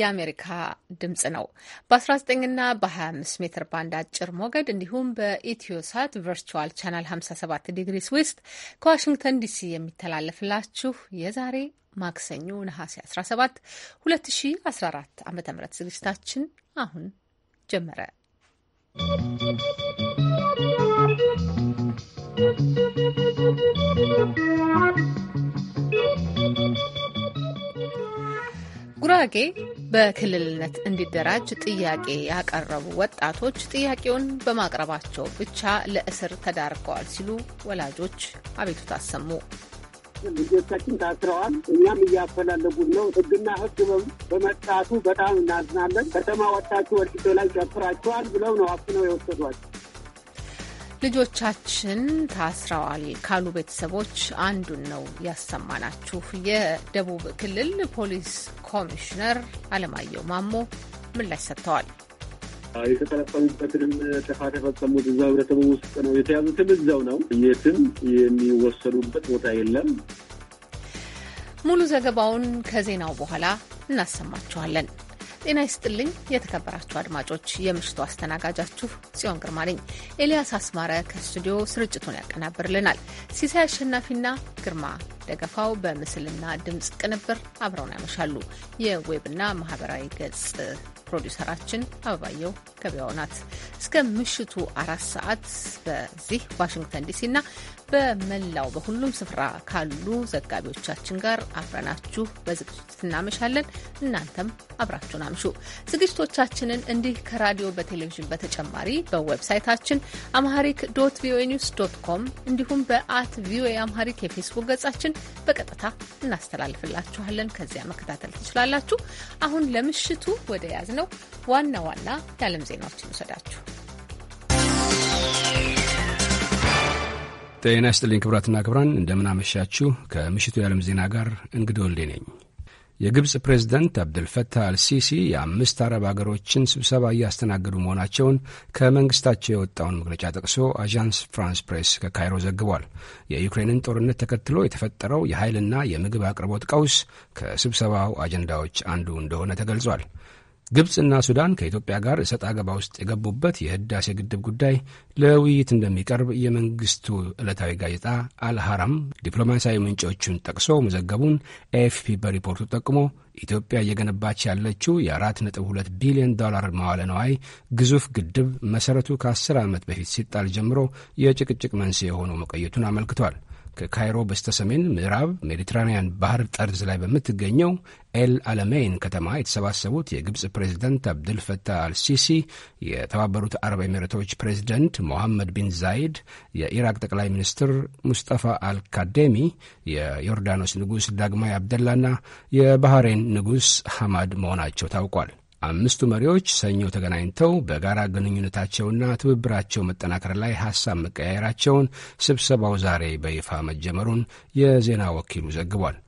የአሜሪካ ድምጽ ነው። በ19 ና በ25 ሜትር ባንድ አጭር ሞገድ እንዲሁም በኢትዮሳት ቨርቹዋል ቻናል 57 ዲግሪስ ዌስት ከዋሽንግተን ዲሲ የሚተላለፍላችሁ የዛሬ ማክሰኞ ነሐሴ 17 2014 ዓ ም ዝግጅታችን አሁን ጀመረ። ጉራጌ በክልልነት እንዲደራጅ ጥያቄ ያቀረቡ ወጣቶች ጥያቄውን በማቅረባቸው ብቻ ለእስር ተዳርገዋል ሲሉ ወላጆች አቤቱታ አሰሙ። ልጆቻችን ታስረዋል፣ እኛም እያፈላለጉን ነው። ሕግና ሕግ በመጣቱ በጣም እናዝናለን። ከተማ ወጣችሁ ወርቂቶ ላይ ጨፍራችኋል ብለው ነው አፍነው የወሰዷቸው። ልጆቻችን ታስረዋል ካሉ ቤተሰቦች አንዱን ነው ያሰማናችሁ። የደቡብ ክልል ፖሊስ ኮሚሽነር አለማየሁ ማሞ ምላሽ ሰጥተዋል። የተጠረጠሩበትንም ጥፋት የፈጸሙት እዛ ህብረተሰቡ ውስጥ ነው። የተያዙትም እዛው ነው። የትም የሚወሰዱበት ቦታ የለም። ሙሉ ዘገባውን ከዜናው በኋላ እናሰማችኋለን። ጤና ይስጥልኝ የተከበራችሁ አድማጮች፣ የምሽቱ አስተናጋጃችሁ ጽዮን ግርማ ነኝ። ኤልያስ አስማረ ከስቱዲዮ ስርጭቱን ያቀናብርልናል። ሲሳይ አሸናፊና ግርማ ደገፋው በምስልና ድምፅ ቅንብር አብረውን ያመሻሉ። የዌብና ማህበራዊ ገጽ ፕሮዲውሰራችን አበባየው ገበያው ናት። እስከ ምሽቱ አራት ሰዓት በዚህ ዋሽንግተን ዲሲና በመላው በሁሉም ስፍራ ካሉ ዘጋቢዎቻችን ጋር አብረናችሁ በዝግጅት እናመሻለን። እናንተም አብራችሁን አምሹ። ዝግጅቶቻችንን እንዲህ ከራዲዮ በቴሌቪዥን በተጨማሪ በዌብሳይታችን አምሃሪክ ዶት ቪኦኤ ኒውስ ዶት ኮም እንዲሁም በአት ቪኦኤ አምሃሪክ የፌስቡክ ገጻችን በቀጥታ እናስተላልፍላችኋለን። ከዚያ መከታተል ትችላላችሁ። አሁን ለምሽቱ ወደ ያዝ ነው ዋና ዋና የዓለም ዜናዎችን ውሰዳችሁ ጤና ይስጥልኝ ክቡራትና ክቡራን፣ እንደምናመሻችሁ። ከምሽቱ የዓለም ዜና ጋር እንግዳ ወልዴ ነኝ። የግብፅ ፕሬዝደንት አብደልፈታህ አልሲሲ የአምስት አረብ አገሮችን ስብሰባ እያስተናገዱ መሆናቸውን ከመንግስታቸው የወጣውን መግለጫ ጠቅሶ አዣንስ ፍራንስ ፕሬስ ከካይሮ ዘግቧል። የዩክሬንን ጦርነት ተከትሎ የተፈጠረው የኃይልና የምግብ አቅርቦት ቀውስ ከስብሰባው አጀንዳዎች አንዱ እንደሆነ ተገልጿል። ግብፅና ሱዳን ከኢትዮጵያ ጋር እሰጥ አገባ ውስጥ የገቡበት የህዳሴ ግድብ ጉዳይ ለውይይት እንደሚቀርብ የመንግስቱ ዕለታዊ ጋዜጣ አልሃራም ዲፕሎማሲያዊ ምንጮቹን ጠቅሶ መዘገቡን ኤኤፍፒ በሪፖርቱ ጠቁሞ ኢትዮጵያ እየገነባች ያለችው የ4.2 ቢሊዮን ዶላር መዋለ ነዋይ ግዙፍ ግድብ መሠረቱ ከ10 ዓመት በፊት ሲጣል ጀምሮ የጭቅጭቅ መንስኤ የሆነው መቆየቱን አመልክቷል። ከካይሮ በስተሰሜን ምዕራብ ሜዲትራንያን ባህር ጠርዝ ላይ በምትገኘው ኤል አለሜይን ከተማ የተሰባሰቡት የግብፅ ፕሬዚደንት አብድልፈታህ አልሲሲ፣ የተባበሩት አረብ ኤሚሬቶች ፕሬዚደንት ሞሐመድ ቢን ዛይድ፣ የኢራቅ ጠቅላይ ሚኒስትር ሙስጠፋ አልካዴሚ፣ የዮርዳኖስ ንጉሥ ዳግማዊ አብደላና የባህሬን ንጉሥ ሐማድ መሆናቸው ታውቋል። አምስቱ መሪዎች ሰኞ ተገናኝተው በጋራ ግንኙነታቸውና ትብብራቸው መጠናከር ላይ ሐሳብ መቀያየራቸውን ስብሰባው ዛሬ በይፋ መጀመሩን የዜና ወኪሉ ዘግቧል።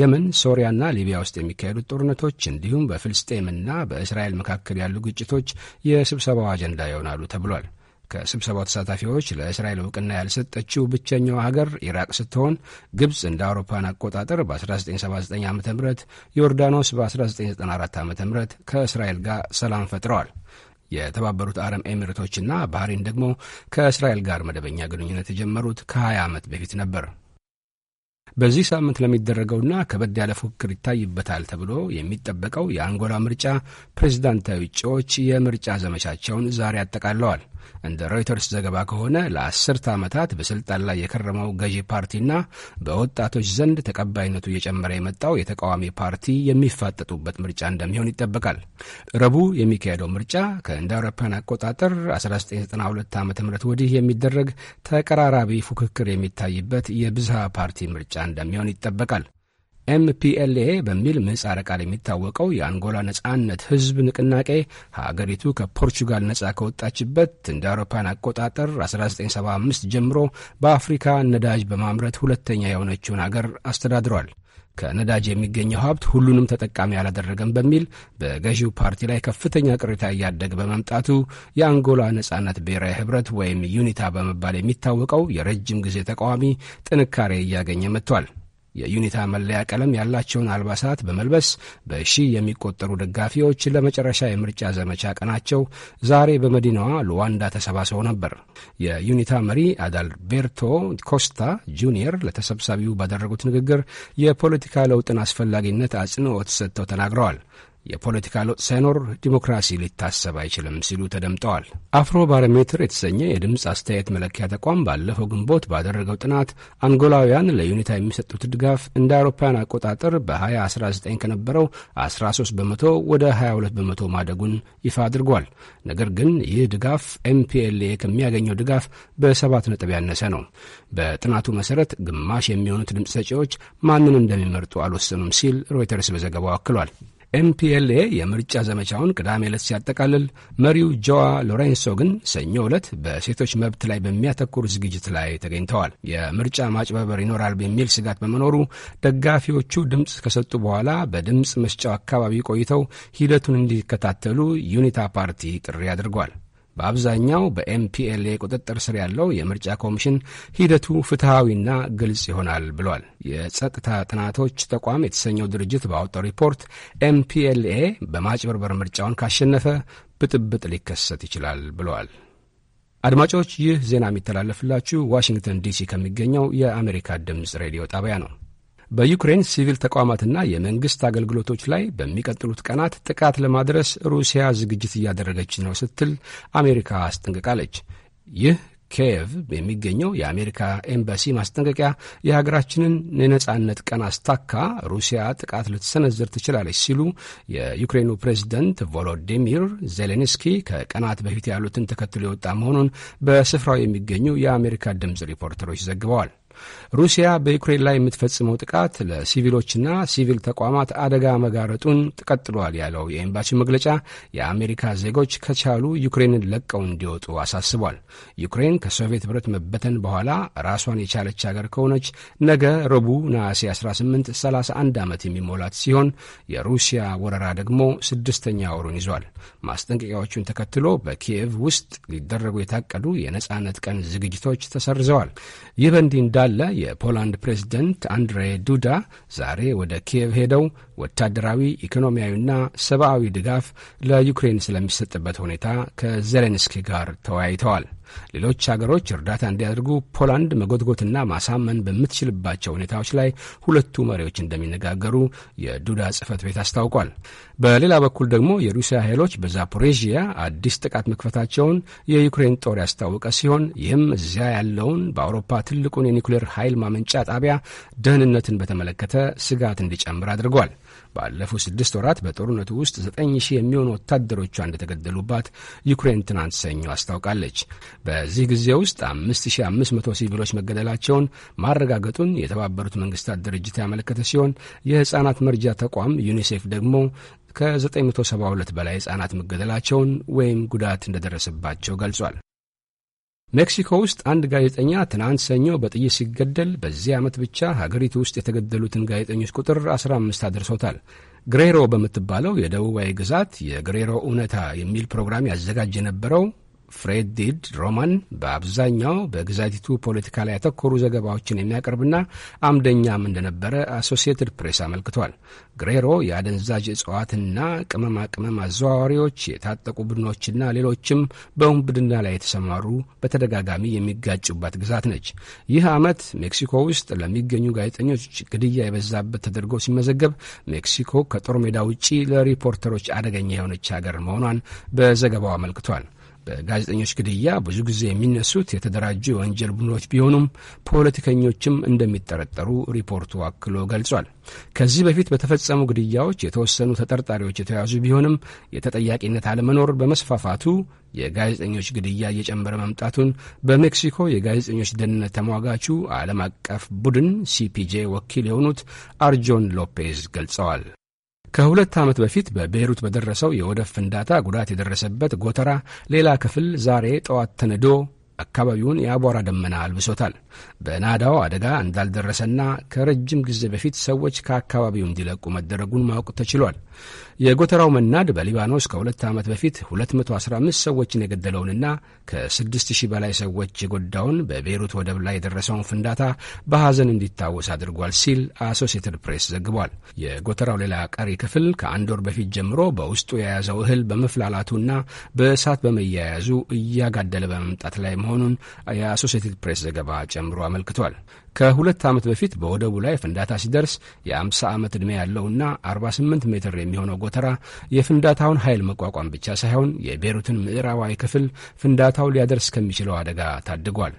የመን፣ ሶሪያና ሊቢያ ውስጥ የሚካሄዱት ጦርነቶች እንዲሁም በፍልስጤምና በእስራኤል መካከል ያሉ ግጭቶች የስብሰባው አጀንዳ ይሆናሉ ተብሏል። ከስብሰባው ተሳታፊዎች ለእስራኤል እውቅና ያልሰጠችው ብቸኛዋ ሀገር ኢራቅ ስትሆን ግብፅ እንደ አውሮፓን አቆጣጠር በ1979 ዓ ም ዮርዳኖስ በ1994 ዓ ም ከእስራኤል ጋር ሰላም ፈጥረዋል። የተባበሩት አረብ ኤሚሬቶችና ባህሬን ደግሞ ከእስራኤል ጋር መደበኛ ግንኙነት የጀመሩት ከ20 ዓመት በፊት ነበር። በዚህ ሳምንት ለሚደረገውና ከበድ ያለ ፉክክር ይታይበታል ተብሎ የሚጠበቀው የአንጎላ ምርጫ ፕሬዝዳንታዊ እጩዎች የምርጫ ዘመቻቸውን ዛሬ አጠቃለዋል። እንደ ሮይተርስ ዘገባ ከሆነ ለአስርተ ዓመታት በስልጣን ላይ የከረመው ገዢ ፓርቲና በወጣቶች ዘንድ ተቀባይነቱ እየጨመረ የመጣው የተቃዋሚ ፓርቲ የሚፋጠጡበት ምርጫ እንደሚሆን ይጠበቃል። ረቡዕ የሚካሄደው ምርጫ ከእንደ አውሮፓውያን አቆጣጠር 1992 ዓ ም ወዲህ የሚደረግ ተቀራራቢ ፉክክር የሚታይበት የብዝሃ ፓርቲ ምርጫ እንደሚሆን ይጠበቃል። ኤምፒኤልኤ በሚል ምህጻረ ቃል የሚታወቀው የአንጎላ ነጻነት ህዝብ ንቅናቄ ሀገሪቱ ከፖርቹጋል ነጻ ከወጣችበት እንደ አውሮፓን አቆጣጠር 1975 ጀምሮ በአፍሪካ ነዳጅ በማምረት ሁለተኛ የሆነችውን አገር አስተዳድሯል። ከነዳጅ የሚገኘው ሀብት ሁሉንም ተጠቃሚ አላደረገም በሚል በገዢው ፓርቲ ላይ ከፍተኛ ቅሬታ እያደገ በመምጣቱ የአንጎላ ነጻነት ብሔራዊ ህብረት ወይም ዩኒታ በመባል የሚታወቀው የረጅም ጊዜ ተቃዋሚ ጥንካሬ እያገኘ መጥቷል። የዩኒታ መለያ ቀለም ያላቸውን አልባሳት በመልበስ በሺ የሚቆጠሩ ደጋፊዎች ለመጨረሻ የምርጫ ዘመቻ ቀናቸው ዛሬ በመዲናዋ ሉዋንዳ ተሰባስበው ነበር። የዩኒታ መሪ አዳልቤርቶ ኮስታ ጁኒየር ለተሰብሳቢው ባደረጉት ንግግር የፖለቲካ ለውጥን አስፈላጊነት አጽንኦት ሰጥተው ተናግረዋል። የፖለቲካ ለውጥ ሳይኖር ዲሞክራሲ ሊታሰብ አይችልም ሲሉ ተደምጠዋል። አፍሮ ባሮሜትር የተሰኘ የድምፅ አስተያየት መለኪያ ተቋም ባለፈው ግንቦት ባደረገው ጥናት አንጎላውያን ለዩኒታ የሚሰጡት ድጋፍ እንደ አውሮፓውያን አቆጣጠር በ2019 ከነበረው 13 በመቶ ወደ 22 በመቶ ማደጉን ይፋ አድርጓል። ነገር ግን ይህ ድጋፍ ኤምፒኤልኤ ከሚያገኘው ድጋፍ በሰባት ነጥብ ያነሰ ነው። በጥናቱ መሰረት ግማሽ የሚሆኑት ድምፅ ሰጪዎች ማንን እንደሚመርጡ አልወሰኑም ሲል ሮይተርስ በዘገባው አክሏል። ኤምፒኤልኤ የምርጫ ዘመቻውን ቅዳሜ ዕለት ሲያጠቃልል፣ መሪው ጆዋ ሎሬንሶ ግን ሰኞ ዕለት በሴቶች መብት ላይ በሚያተኩር ዝግጅት ላይ ተገኝተዋል። የምርጫ ማጭበርበር ይኖራል በሚል ስጋት በመኖሩ ደጋፊዎቹ ድምፅ ከሰጡ በኋላ በድምፅ መስጫው አካባቢ ቆይተው ሂደቱን እንዲከታተሉ ዩኒታ ፓርቲ ጥሪ አድርጓል። በአብዛኛው በኤምፒኤልኤ ቁጥጥር ስር ያለው የምርጫ ኮሚሽን ሂደቱ ፍትሐዊና ግልጽ ይሆናል ብሏል። የጸጥታ ጥናቶች ተቋም የተሰኘው ድርጅት ባወጣው ሪፖርት ኤምፒኤልኤ በማጭበርበር ምርጫውን ካሸነፈ ብጥብጥ ሊከሰት ይችላል ብለዋል። አድማጮች፣ ይህ ዜና የሚተላለፍላችሁ ዋሽንግተን ዲሲ ከሚገኘው የአሜሪካ ድምፅ ሬዲዮ ጣቢያ ነው። በዩክሬን ሲቪል ተቋማትና የመንግሥት አገልግሎቶች ላይ በሚቀጥሉት ቀናት ጥቃት ለማድረስ ሩሲያ ዝግጅት እያደረገች ነው ስትል አሜሪካ አስጠንቅቃለች። ይህ ኪየቭ የሚገኘው የአሜሪካ ኤምባሲ ማስጠንቀቂያ የሀገራችንን የነጻነት ቀን አስታካ ሩሲያ ጥቃት ልትሰነዝር ትችላለች ሲሉ የዩክሬኑ ፕሬዚደንት ቮሎዲሚር ዜሌንስኪ ከቀናት በፊት ያሉትን ተከትሎ የወጣ መሆኑን በስፍራው የሚገኙ የአሜሪካ ድምፅ ሪፖርተሮች ዘግበዋል። ሩሲያ በዩክሬን ላይ የምትፈጽመው ጥቃት ለሲቪሎችና ሲቪል ተቋማት አደጋ መጋረጡን ተቀጥሏል ያለው የኤምባሲው መግለጫ የአሜሪካ ዜጎች ከቻሉ ዩክሬንን ለቀው እንዲወጡ አሳስቧል። ዩክሬን ከሶቪየት ህብረት መበተን በኋላ ራሷን የቻለች ሀገር ከሆነች ነገ ረቡዕ ነሐሴ 18 31 ዓመት የሚሞላት ሲሆን የሩሲያ ወረራ ደግሞ ስድስተኛ ወሩን ይዟል። ማስጠንቀቂያዎቹን ተከትሎ በኪየቭ ውስጥ ሊደረጉ የታቀዱ የነጻነት ቀን ዝግጅቶች ተሰርዘዋል። ይህ በእንዲህ እንዳለ የፖላንድ ፕሬዝደንት አንድሬ ዱዳ ዛሬ ወደ ኪየቭ ሄደው ወታደራዊ፣ ኢኮኖሚያዊና ሰብአዊ ድጋፍ ለዩክሬን ስለሚሰጥበት ሁኔታ ከዜሌንስኪ ጋር ተወያይተዋል። ሌሎች አገሮች እርዳታ እንዲያደርጉ ፖላንድ መጎትጎትና ማሳመን በምትችልባቸው ሁኔታዎች ላይ ሁለቱ መሪዎች እንደሚነጋገሩ የዱዳ ጽህፈት ቤት አስታውቋል። በሌላ በኩል ደግሞ የሩሲያ ኃይሎች በዛፖሬዥያ አዲስ ጥቃት መክፈታቸውን የዩክሬን ጦር ያስታወቀ ሲሆን ይህም እዚያ ያለውን በአውሮፓ ትልቁን የኒውክሌር ኃይል ማመንጫ ጣቢያ ደህንነትን በተመለከተ ስጋት እንዲጨምር አድርጓል። ባለፉት ስድስት ወራት በጦርነቱ ውስጥ ዘጠኝ ሺህ የሚሆኑ ወታደሮቿ እንደተገደሉባት ዩክሬን ትናንት ሰኞ አስታውቃለች። በዚህ ጊዜ ውስጥ አምስት ሺህ አምስት መቶ ሲቪሎች መገደላቸውን ማረጋገጡን የተባበሩት መንግስታት ድርጅት ያመለከተ ሲሆን የህጻናት መርጃ ተቋም ዩኒሴፍ ደግሞ ከ972 በላይ ህጻናት መገደላቸውን ወይም ጉዳት እንደደረሰባቸው ገልጿል። ሜክሲኮ ውስጥ አንድ ጋዜጠኛ ትናንት ሰኞ በጥይት ሲገደል በዚህ ዓመት ብቻ ሀገሪቱ ውስጥ የተገደሉትን ጋዜጠኞች ቁጥር 15 አድርሶታል። ግሬሮ በምትባለው የደቡባዊ ግዛት የግሬሮ እውነታ የሚል ፕሮግራም ያዘጋጅ የነበረው ፍሬዲድ ሮማን በአብዛኛው በግዛቲቱ ፖለቲካ ላይ ያተኮሩ ዘገባዎችን የሚያቀርብና አምደኛም እንደነበረ አሶሲየትድ ፕሬስ አመልክቷል። ግሬሮ የአደንዛዥ እጽዋትና ቅመማ ቅመም አዘዋዋሪዎች፣ የታጠቁ ቡድኖችና ሌሎችም በውንብድና ላይ የተሰማሩ በተደጋጋሚ የሚጋጩባት ግዛት ነች። ይህ ዓመት ሜክሲኮ ውስጥ ለሚገኙ ጋዜጠኞች ግድያ የበዛበት ተደርጎ ሲመዘገብ ሜክሲኮ ከጦር ሜዳ ውጪ ለሪፖርተሮች አደገኛ የሆነች ሀገር መሆኗን በዘገባው አመልክቷል። በጋዜጠኞች ግድያ ብዙ ጊዜ የሚነሱት የተደራጁ የወንጀል ቡድኖች ቢሆኑም ፖለቲከኞችም እንደሚጠረጠሩ ሪፖርቱ አክሎ ገልጿል። ከዚህ በፊት በተፈጸሙ ግድያዎች የተወሰኑ ተጠርጣሪዎች የተያዙ ቢሆንም የተጠያቂነት አለመኖር በመስፋፋቱ የጋዜጠኞች ግድያ እየጨመረ መምጣቱን በሜክሲኮ የጋዜጠኞች ደህንነት ተሟጋቹ ዓለም አቀፍ ቡድን ሲፒጄ ወኪል የሆኑት አርጆን ሎፔዝ ገልጸዋል። ከሁለት ዓመት በፊት በቤይሩት በደረሰው የወደብ ፍንዳታ ጉዳት የደረሰበት ጎተራ ሌላ ክፍል ዛሬ ጠዋት ተንዶ አካባቢውን የአቧራ ደመና አልብሶታል። በናዳው አደጋ እንዳልደረሰና ከረጅም ጊዜ በፊት ሰዎች ከአካባቢው እንዲለቁ መደረጉን ማወቅ ተችሏል። የጎተራው መናድ በሊባኖስ ከሁለት ዓመት በፊት 215 ሰዎችን የገደለውንና ከ6000 በላይ ሰዎች የጎዳውን በቤይሩት ወደብ ላይ የደረሰውን ፍንዳታ በሐዘን እንዲታወስ አድርጓል ሲል አሶሲየትድ ፕሬስ ዘግቧል። የጎተራው ሌላ ቀሪ ክፍል ከአንድ ወር በፊት ጀምሮ በውስጡ የያዘው እህል በመፍላላቱና በእሳት በመያያዙ እያጋደለ በመምጣት ላይ መሆኑን የአሶሲየትድ ፕሬስ ዘገባ ጨምሮ አመልክቷል። ከሁለት ዓመት በፊት በወደቡ ላይ ፍንዳታ ሲደርስ የ50 ዓመት ዕድሜ ያለውና 48 ሜትር የሚሆነው ጎተራ የፍንዳታውን ኃይል መቋቋም ብቻ ሳይሆን የቤሩትን ምዕራባዊ ክፍል ፍንዳታው ሊያደርስ ከሚችለው አደጋ ታድጓል።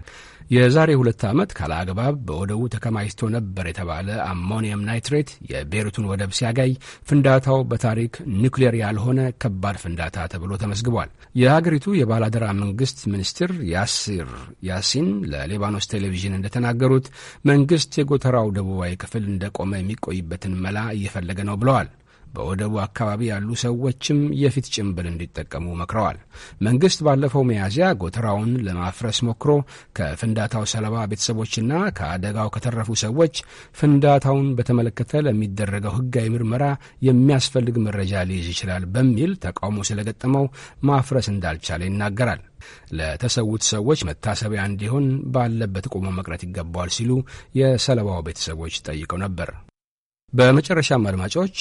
የዛሬ ሁለት ዓመት ካለአግባብ በወደቡ ተከማችቶ ነበር የተባለ አሞኒየም ናይትሬት የቤሩቱን ወደብ ሲያጋይ ፍንዳታው በታሪክ ኒውክሌር ያልሆነ ከባድ ፍንዳታ ተብሎ ተመዝግቧል። የሀገሪቱ የባላደራ መንግስት ሚኒስትር ያሲር ያሲን ለሊባኖስ ቴሌቪዥን እንደተናገሩት መንግስት የጎተራው ደቡባዊ ክፍል እንደቆመ የሚቆይበትን መላ እየፈለገ ነው ብለዋል። በወደቡ አካባቢ ያሉ ሰዎችም የፊት ጭንብል እንዲጠቀሙ መክረዋል። መንግስት ባለፈው ሚያዝያ ጎተራውን ለማፍረስ ሞክሮ ከፍንዳታው ሰለባ ቤተሰቦችና ከአደጋው ከተረፉ ሰዎች ፍንዳታውን በተመለከተ ለሚደረገው ሕጋዊ ምርመራ የሚያስፈልግ መረጃ ሊይዝ ይችላል በሚል ተቃውሞ ስለገጠመው ማፍረስ እንዳልቻለ ይናገራል። ለተሰዉት ሰዎች መታሰቢያ እንዲሆን ባለበት ቆሞ መቅረት ይገባዋል ሲሉ የሰለባው ቤተሰቦች ጠይቀው ነበር። በመጨረሻም አድማጮች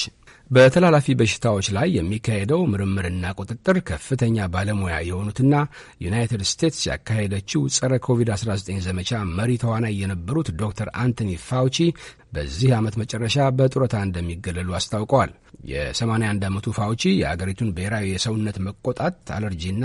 በተላላፊ በሽታዎች ላይ የሚካሄደው ምርምርና ቁጥጥር ከፍተኛ ባለሙያ የሆኑትና ዩናይትድ ስቴትስ ያካሄደችው ጸረ ኮቪድ-19 ዘመቻ መሪ ተዋናይ የነበሩት ዶክተር አንቶኒ ፋውቺ በዚህ ዓመት መጨረሻ በጡረታ እንደሚገለሉ አስታውቀዋል። የ81 ዓመቱ ፋውቺ የአገሪቱን ብሔራዊ የሰውነት መቆጣት አለርጂና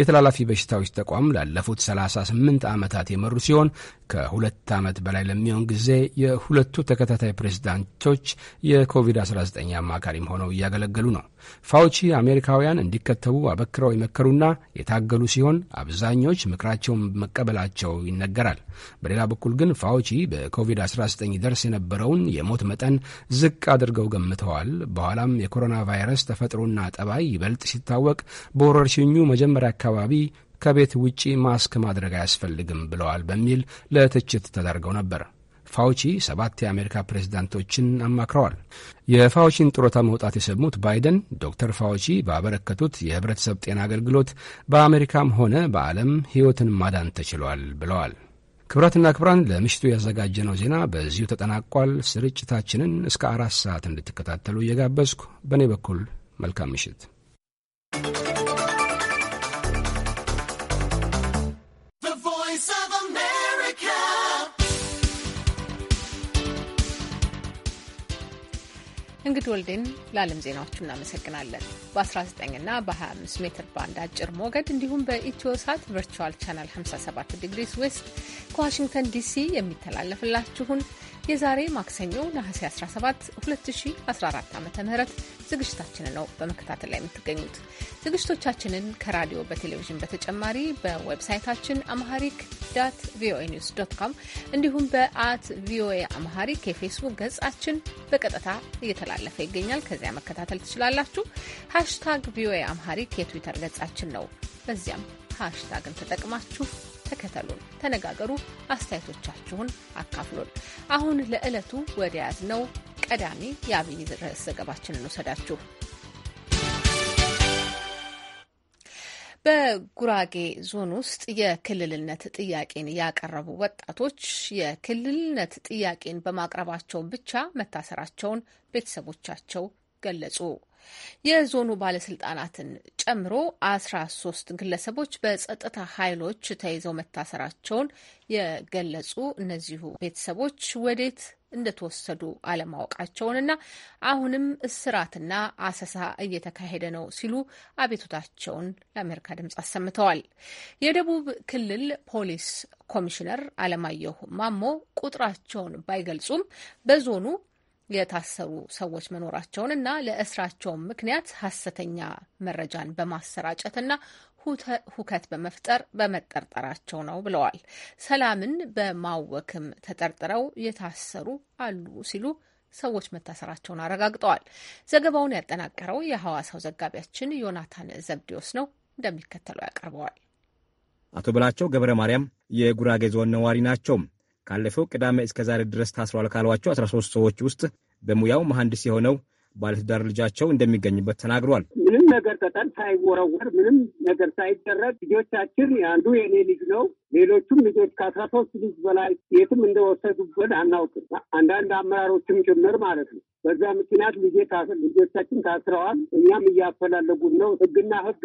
የተላላፊ በሽታዎች ተቋም ላለፉት 38 ዓመታት የመሩ ሲሆን ከሁለት ዓመት በላይ ለሚሆን ጊዜ የሁለቱ ተከታታይ ፕሬዚዳንቶች የኮቪድ-19 አማካ አማካሪም ሆነው እያገለገሉ ነው። ፋውቺ አሜሪካውያን እንዲከተቡ አበክረው የመከሩና የታገሉ ሲሆን አብዛኞች ምክራቸውን መቀበላቸው ይነገራል። በሌላ በኩል ግን ፋውቺ በኮቪድ-19 ደርስ የነበረውን የሞት መጠን ዝቅ አድርገው ገምተዋል። በኋላም የኮሮና ቫይረስ ተፈጥሮና ጠባይ ይበልጥ ሲታወቅ በወረርሽኙ መጀመሪያ አካባቢ ከቤት ውጪ ማስክ ማድረግ አያስፈልግም ብለዋል በሚል ለትችት ተዳርገው ነበር። ፋውቺ ሰባት የአሜሪካ ፕሬዝዳንቶችን አማክረዋል። የፋውቺን ጡረታ መውጣት የሰሙት ባይደን ዶክተር ፋውቺ ባበረከቱት የህብረተሰብ ጤና አገልግሎት በአሜሪካም ሆነ በዓለም ሕይወትን ማዳን ተችሏል ብለዋል። ክብራትና ክብራን ለምሽቱ ያዘጋጀነው ዜና በዚሁ ተጠናቋል። ስርጭታችንን እስከ አራት ሰዓት እንድትከታተሉ እየጋበዝኩ በእኔ በኩል መልካም ምሽት። እንግድ ወልዴን ለዓለም ዜናዎቹ እናመሰግናለን። 19 እና በ25 ሜትር ባንድ አጭር ሞገድ እንዲሁም በኢትዮ ሳት ቨርቹዋል ቻናል 57 ዲግሪስ ዌስት ከዋሽንግተን ዲሲ የሚተላለፍላችሁን የዛሬ ማክሰኞ ነሐሴ 17 2014 ዓ ም ዝግጅታችንን ነው በመከታተል ላይ የምትገኙት። ዝግጅቶቻችንን ከራዲዮ በቴሌቪዥን በተጨማሪ በዌብሳይታችን አምሃሪክ ዳት ቪኦኤ ኒውስ ዶት ኮም እንዲሁም በአት ቪኦኤ አምሃሪክ የፌስቡክ ገጻችን በቀጥታ እየተላለፈ ይገኛል። ከዚያ መከታተል ትችላላችሁ። ሃሽታግ ቪኦኤ አምሃሪክ የትዊተር ገጻችን ነው። በዚያም ሃሽታግን ተጠቅማችሁ ተከተሉን፣ ተነጋገሩ፣ አስተያየቶቻችሁን አካፍሉን። አሁን ለዕለቱ ወደ ያዝነው ቀዳሚ የአብይ ርዕስ ዘገባችንን ውሰዳችሁ። በጉራጌ ዞን ውስጥ የክልልነት ጥያቄን ያቀረቡ ወጣቶች የክልልነት ጥያቄን በማቅረባቸው ብቻ መታሰራቸውን ቤተሰቦቻቸው ገለጹ። የዞኑ ባለስልጣናትን ጨምሮ አስራ ሶስት ግለሰቦች በጸጥታ ኃይሎች ተይዘው መታሰራቸውን የገለጹ እነዚሁ ቤተሰቦች ወዴት እንደተወሰዱ አለማወቃቸውንና አሁንም እስራትና አሰሳ እየተካሄደ ነው ሲሉ አቤቱታቸውን ለአሜሪካ ድምጽ አሰምተዋል። የደቡብ ክልል ፖሊስ ኮሚሽነር አለማየሁ ማሞ ቁጥራቸውን ባይገልጹም በዞኑ የታሰሩ ሰዎች መኖራቸውን እና ለእስራቸውም ምክንያት ሀሰተኛ መረጃን በማሰራጨት እና ሁከት በመፍጠር በመጠርጠራቸው ነው ብለዋል። ሰላምን በማወክም ተጠርጥረው የታሰሩ አሉ ሲሉ ሰዎች መታሰራቸውን አረጋግጠዋል። ዘገባውን ያጠናቀረው የሐዋሳው ዘጋቢያችን ዮናታን ዘብዲዮስ ነው፣ እንደሚከተለው ያቀርበዋል። አቶ ብላቸው ገብረ ማርያም የጉራጌ ዞን ነዋሪ ናቸው። ካለፈው ቅዳሜ እስከ ዛሬ ድረስ ታስሯል ካሏቸው 13 ሰዎች ውስጥ በሙያው መሐንዲስ የሆነው ባለትዳር ልጃቸው እንደሚገኝበት ተናግሯል። ምንም ነገር ቅጠል ሳይወረወር ምንም ነገር ሳይደረግ ልጆቻችን አንዱ የኔ ልጅ ነው። ሌሎቹም ልጆች ከአስራ ሶስት ልጅ በላይ የትም እንደወሰዱበት አናውቅም። አንዳንድ አመራሮችም ጭምር ማለት ነው። በዛ ምክንያት ልጄ ልጆቻችን ታስረዋል። እኛም እያፈላለጉን ነው። ህግና ህግ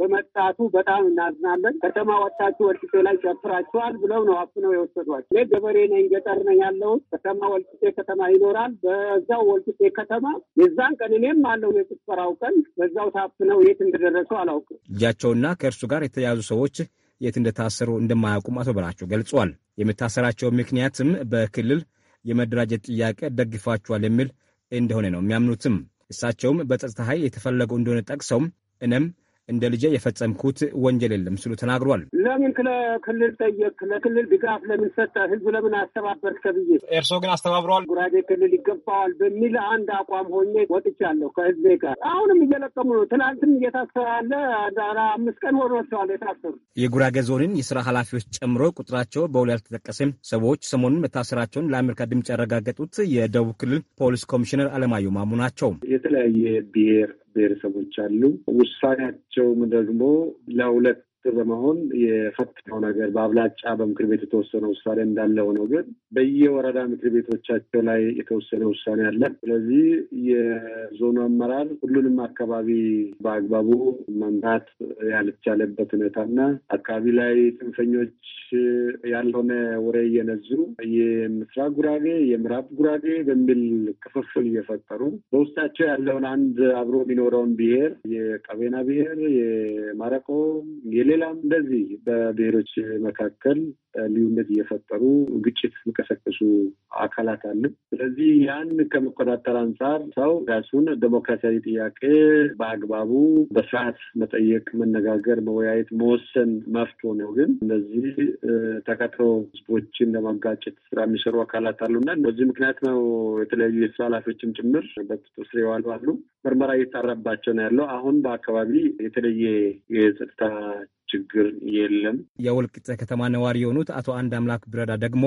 በመጣቱ በጣም እናዝናለን። ከተማ ወጣችሁ ወልቂጤ ላይ ጨፍራችኋል ብለው ነው አፍነው የወሰዷቸው። እኔ ገበሬ ነኝ፣ ገጠር ነ ያለሁት። ከተማ ወልቂጤ ከተማ ይኖራል። በዛው ወልቂጤ ከተማ የዛን ቀን እኔም አለው የጭፈራው ቀን በዛ እዛው ታፍነው የት እንደደረሱ አላውቅም። እጃቸውና ከእርሱ ጋር የተያዙ ሰዎች የት እንደታሰሩ እንደማያውቁም አቶ በላቸው ገልጿል። የምታሰራቸው ምክንያትም በክልል የመደራጀት ጥያቄ ደግፋችኋል የሚል እንደሆነ ነው የሚያምኑትም። እሳቸውም በጸጥታ ኃይል የተፈለጉ እንደሆነ ጠቅሰውም እነም እንደ ልጄ የፈጸምኩት ወንጀል የለም ሲሉ ተናግሯል። ለምን ለክልል ጠየቅ፣ ለክልል ድጋፍ ለምን ሰጠ፣ ህዝብ ለምን አስተባበር ከብዬ እርስዎ ግን አስተባብረዋል፣ ጉራጌ ክልል ይገባዋል በሚል አንድ አቋም ሆኜ ወጥቻለሁ ከህዝቤ ጋር። አሁንም እየለቀሙ ነው። ትናንትም እየታሰራለ አምስት ቀን ወሮቸዋል የታሰሩ። የጉራጌ ዞንን የስራ ኃላፊዎች ጨምሮ ቁጥራቸው በውል ያልተጠቀሰም ሰዎች ሰሞኑን መታሰራቸውን ለአሜሪካ ድምፅ ያረጋገጡት የደቡብ ክልል ፖሊስ ኮሚሽነር አለማየሁ ማሙ ናቸው። የተለያየ ብሔር ብሔረሰቦች አሉ። ውሳኔያቸውም ደግሞ ለሁለት በመሆን የፈተነው ነገር በአብላጫ በምክር ቤት የተወሰነ ውሳኔ እንዳለ ሆነው ግን በየወረዳ ምክር ቤቶቻቸው ላይ የተወሰነ ውሳኔ አለ። ስለዚህ የዞኑ አመራር ሁሉንም አካባቢ በአግባቡ መምራት ያልቻለበት ሁኔታና አካባቢ ላይ ጽንፈኞች ያልሆነ ወሬ እየነዙ የምስራቅ ጉራጌ የምዕራብ ጉራጌ በሚል ክፍፍል እየፈጠሩ በውስጣቸው ያለውን አንድ አብሮ የሚኖረውን ብሔር የቀቤና ብሔር የማረቆ ሌላም እንደዚህ በብሔሮች መካከል ልዩነት እየፈጠሩ ግጭት የሚቀሰቀሱ አካላት አለ። ስለዚህ ያን ከመቆጣጠር አንጻር ሰው ራሱን ዴሞክራሲያዊ ጥያቄ በአግባቡ በስርዓት መጠየቅ፣ መነጋገር፣ መወያየት፣ መወሰን መፍቶ ነው። ግን እነዚህ ተቀጥሮ ህዝቦችን ለማጋጨት ስራ የሚሰሩ አካላት አሉና በዚህ ምክንያት ነው የተለያዩ የስራ ኃላፊዎችም ጭምር በቁጥጥር ስር የዋሉ አሉ። ምርመራ እየተጣራባቸው ነው ያለው። አሁን በአካባቢ የተለየ የጸጥታ ችግር የለም። የወልቂጤ ከተማ ነዋሪ የሆኑት አቶ አንድ አምላክ ብረዳ ደግሞ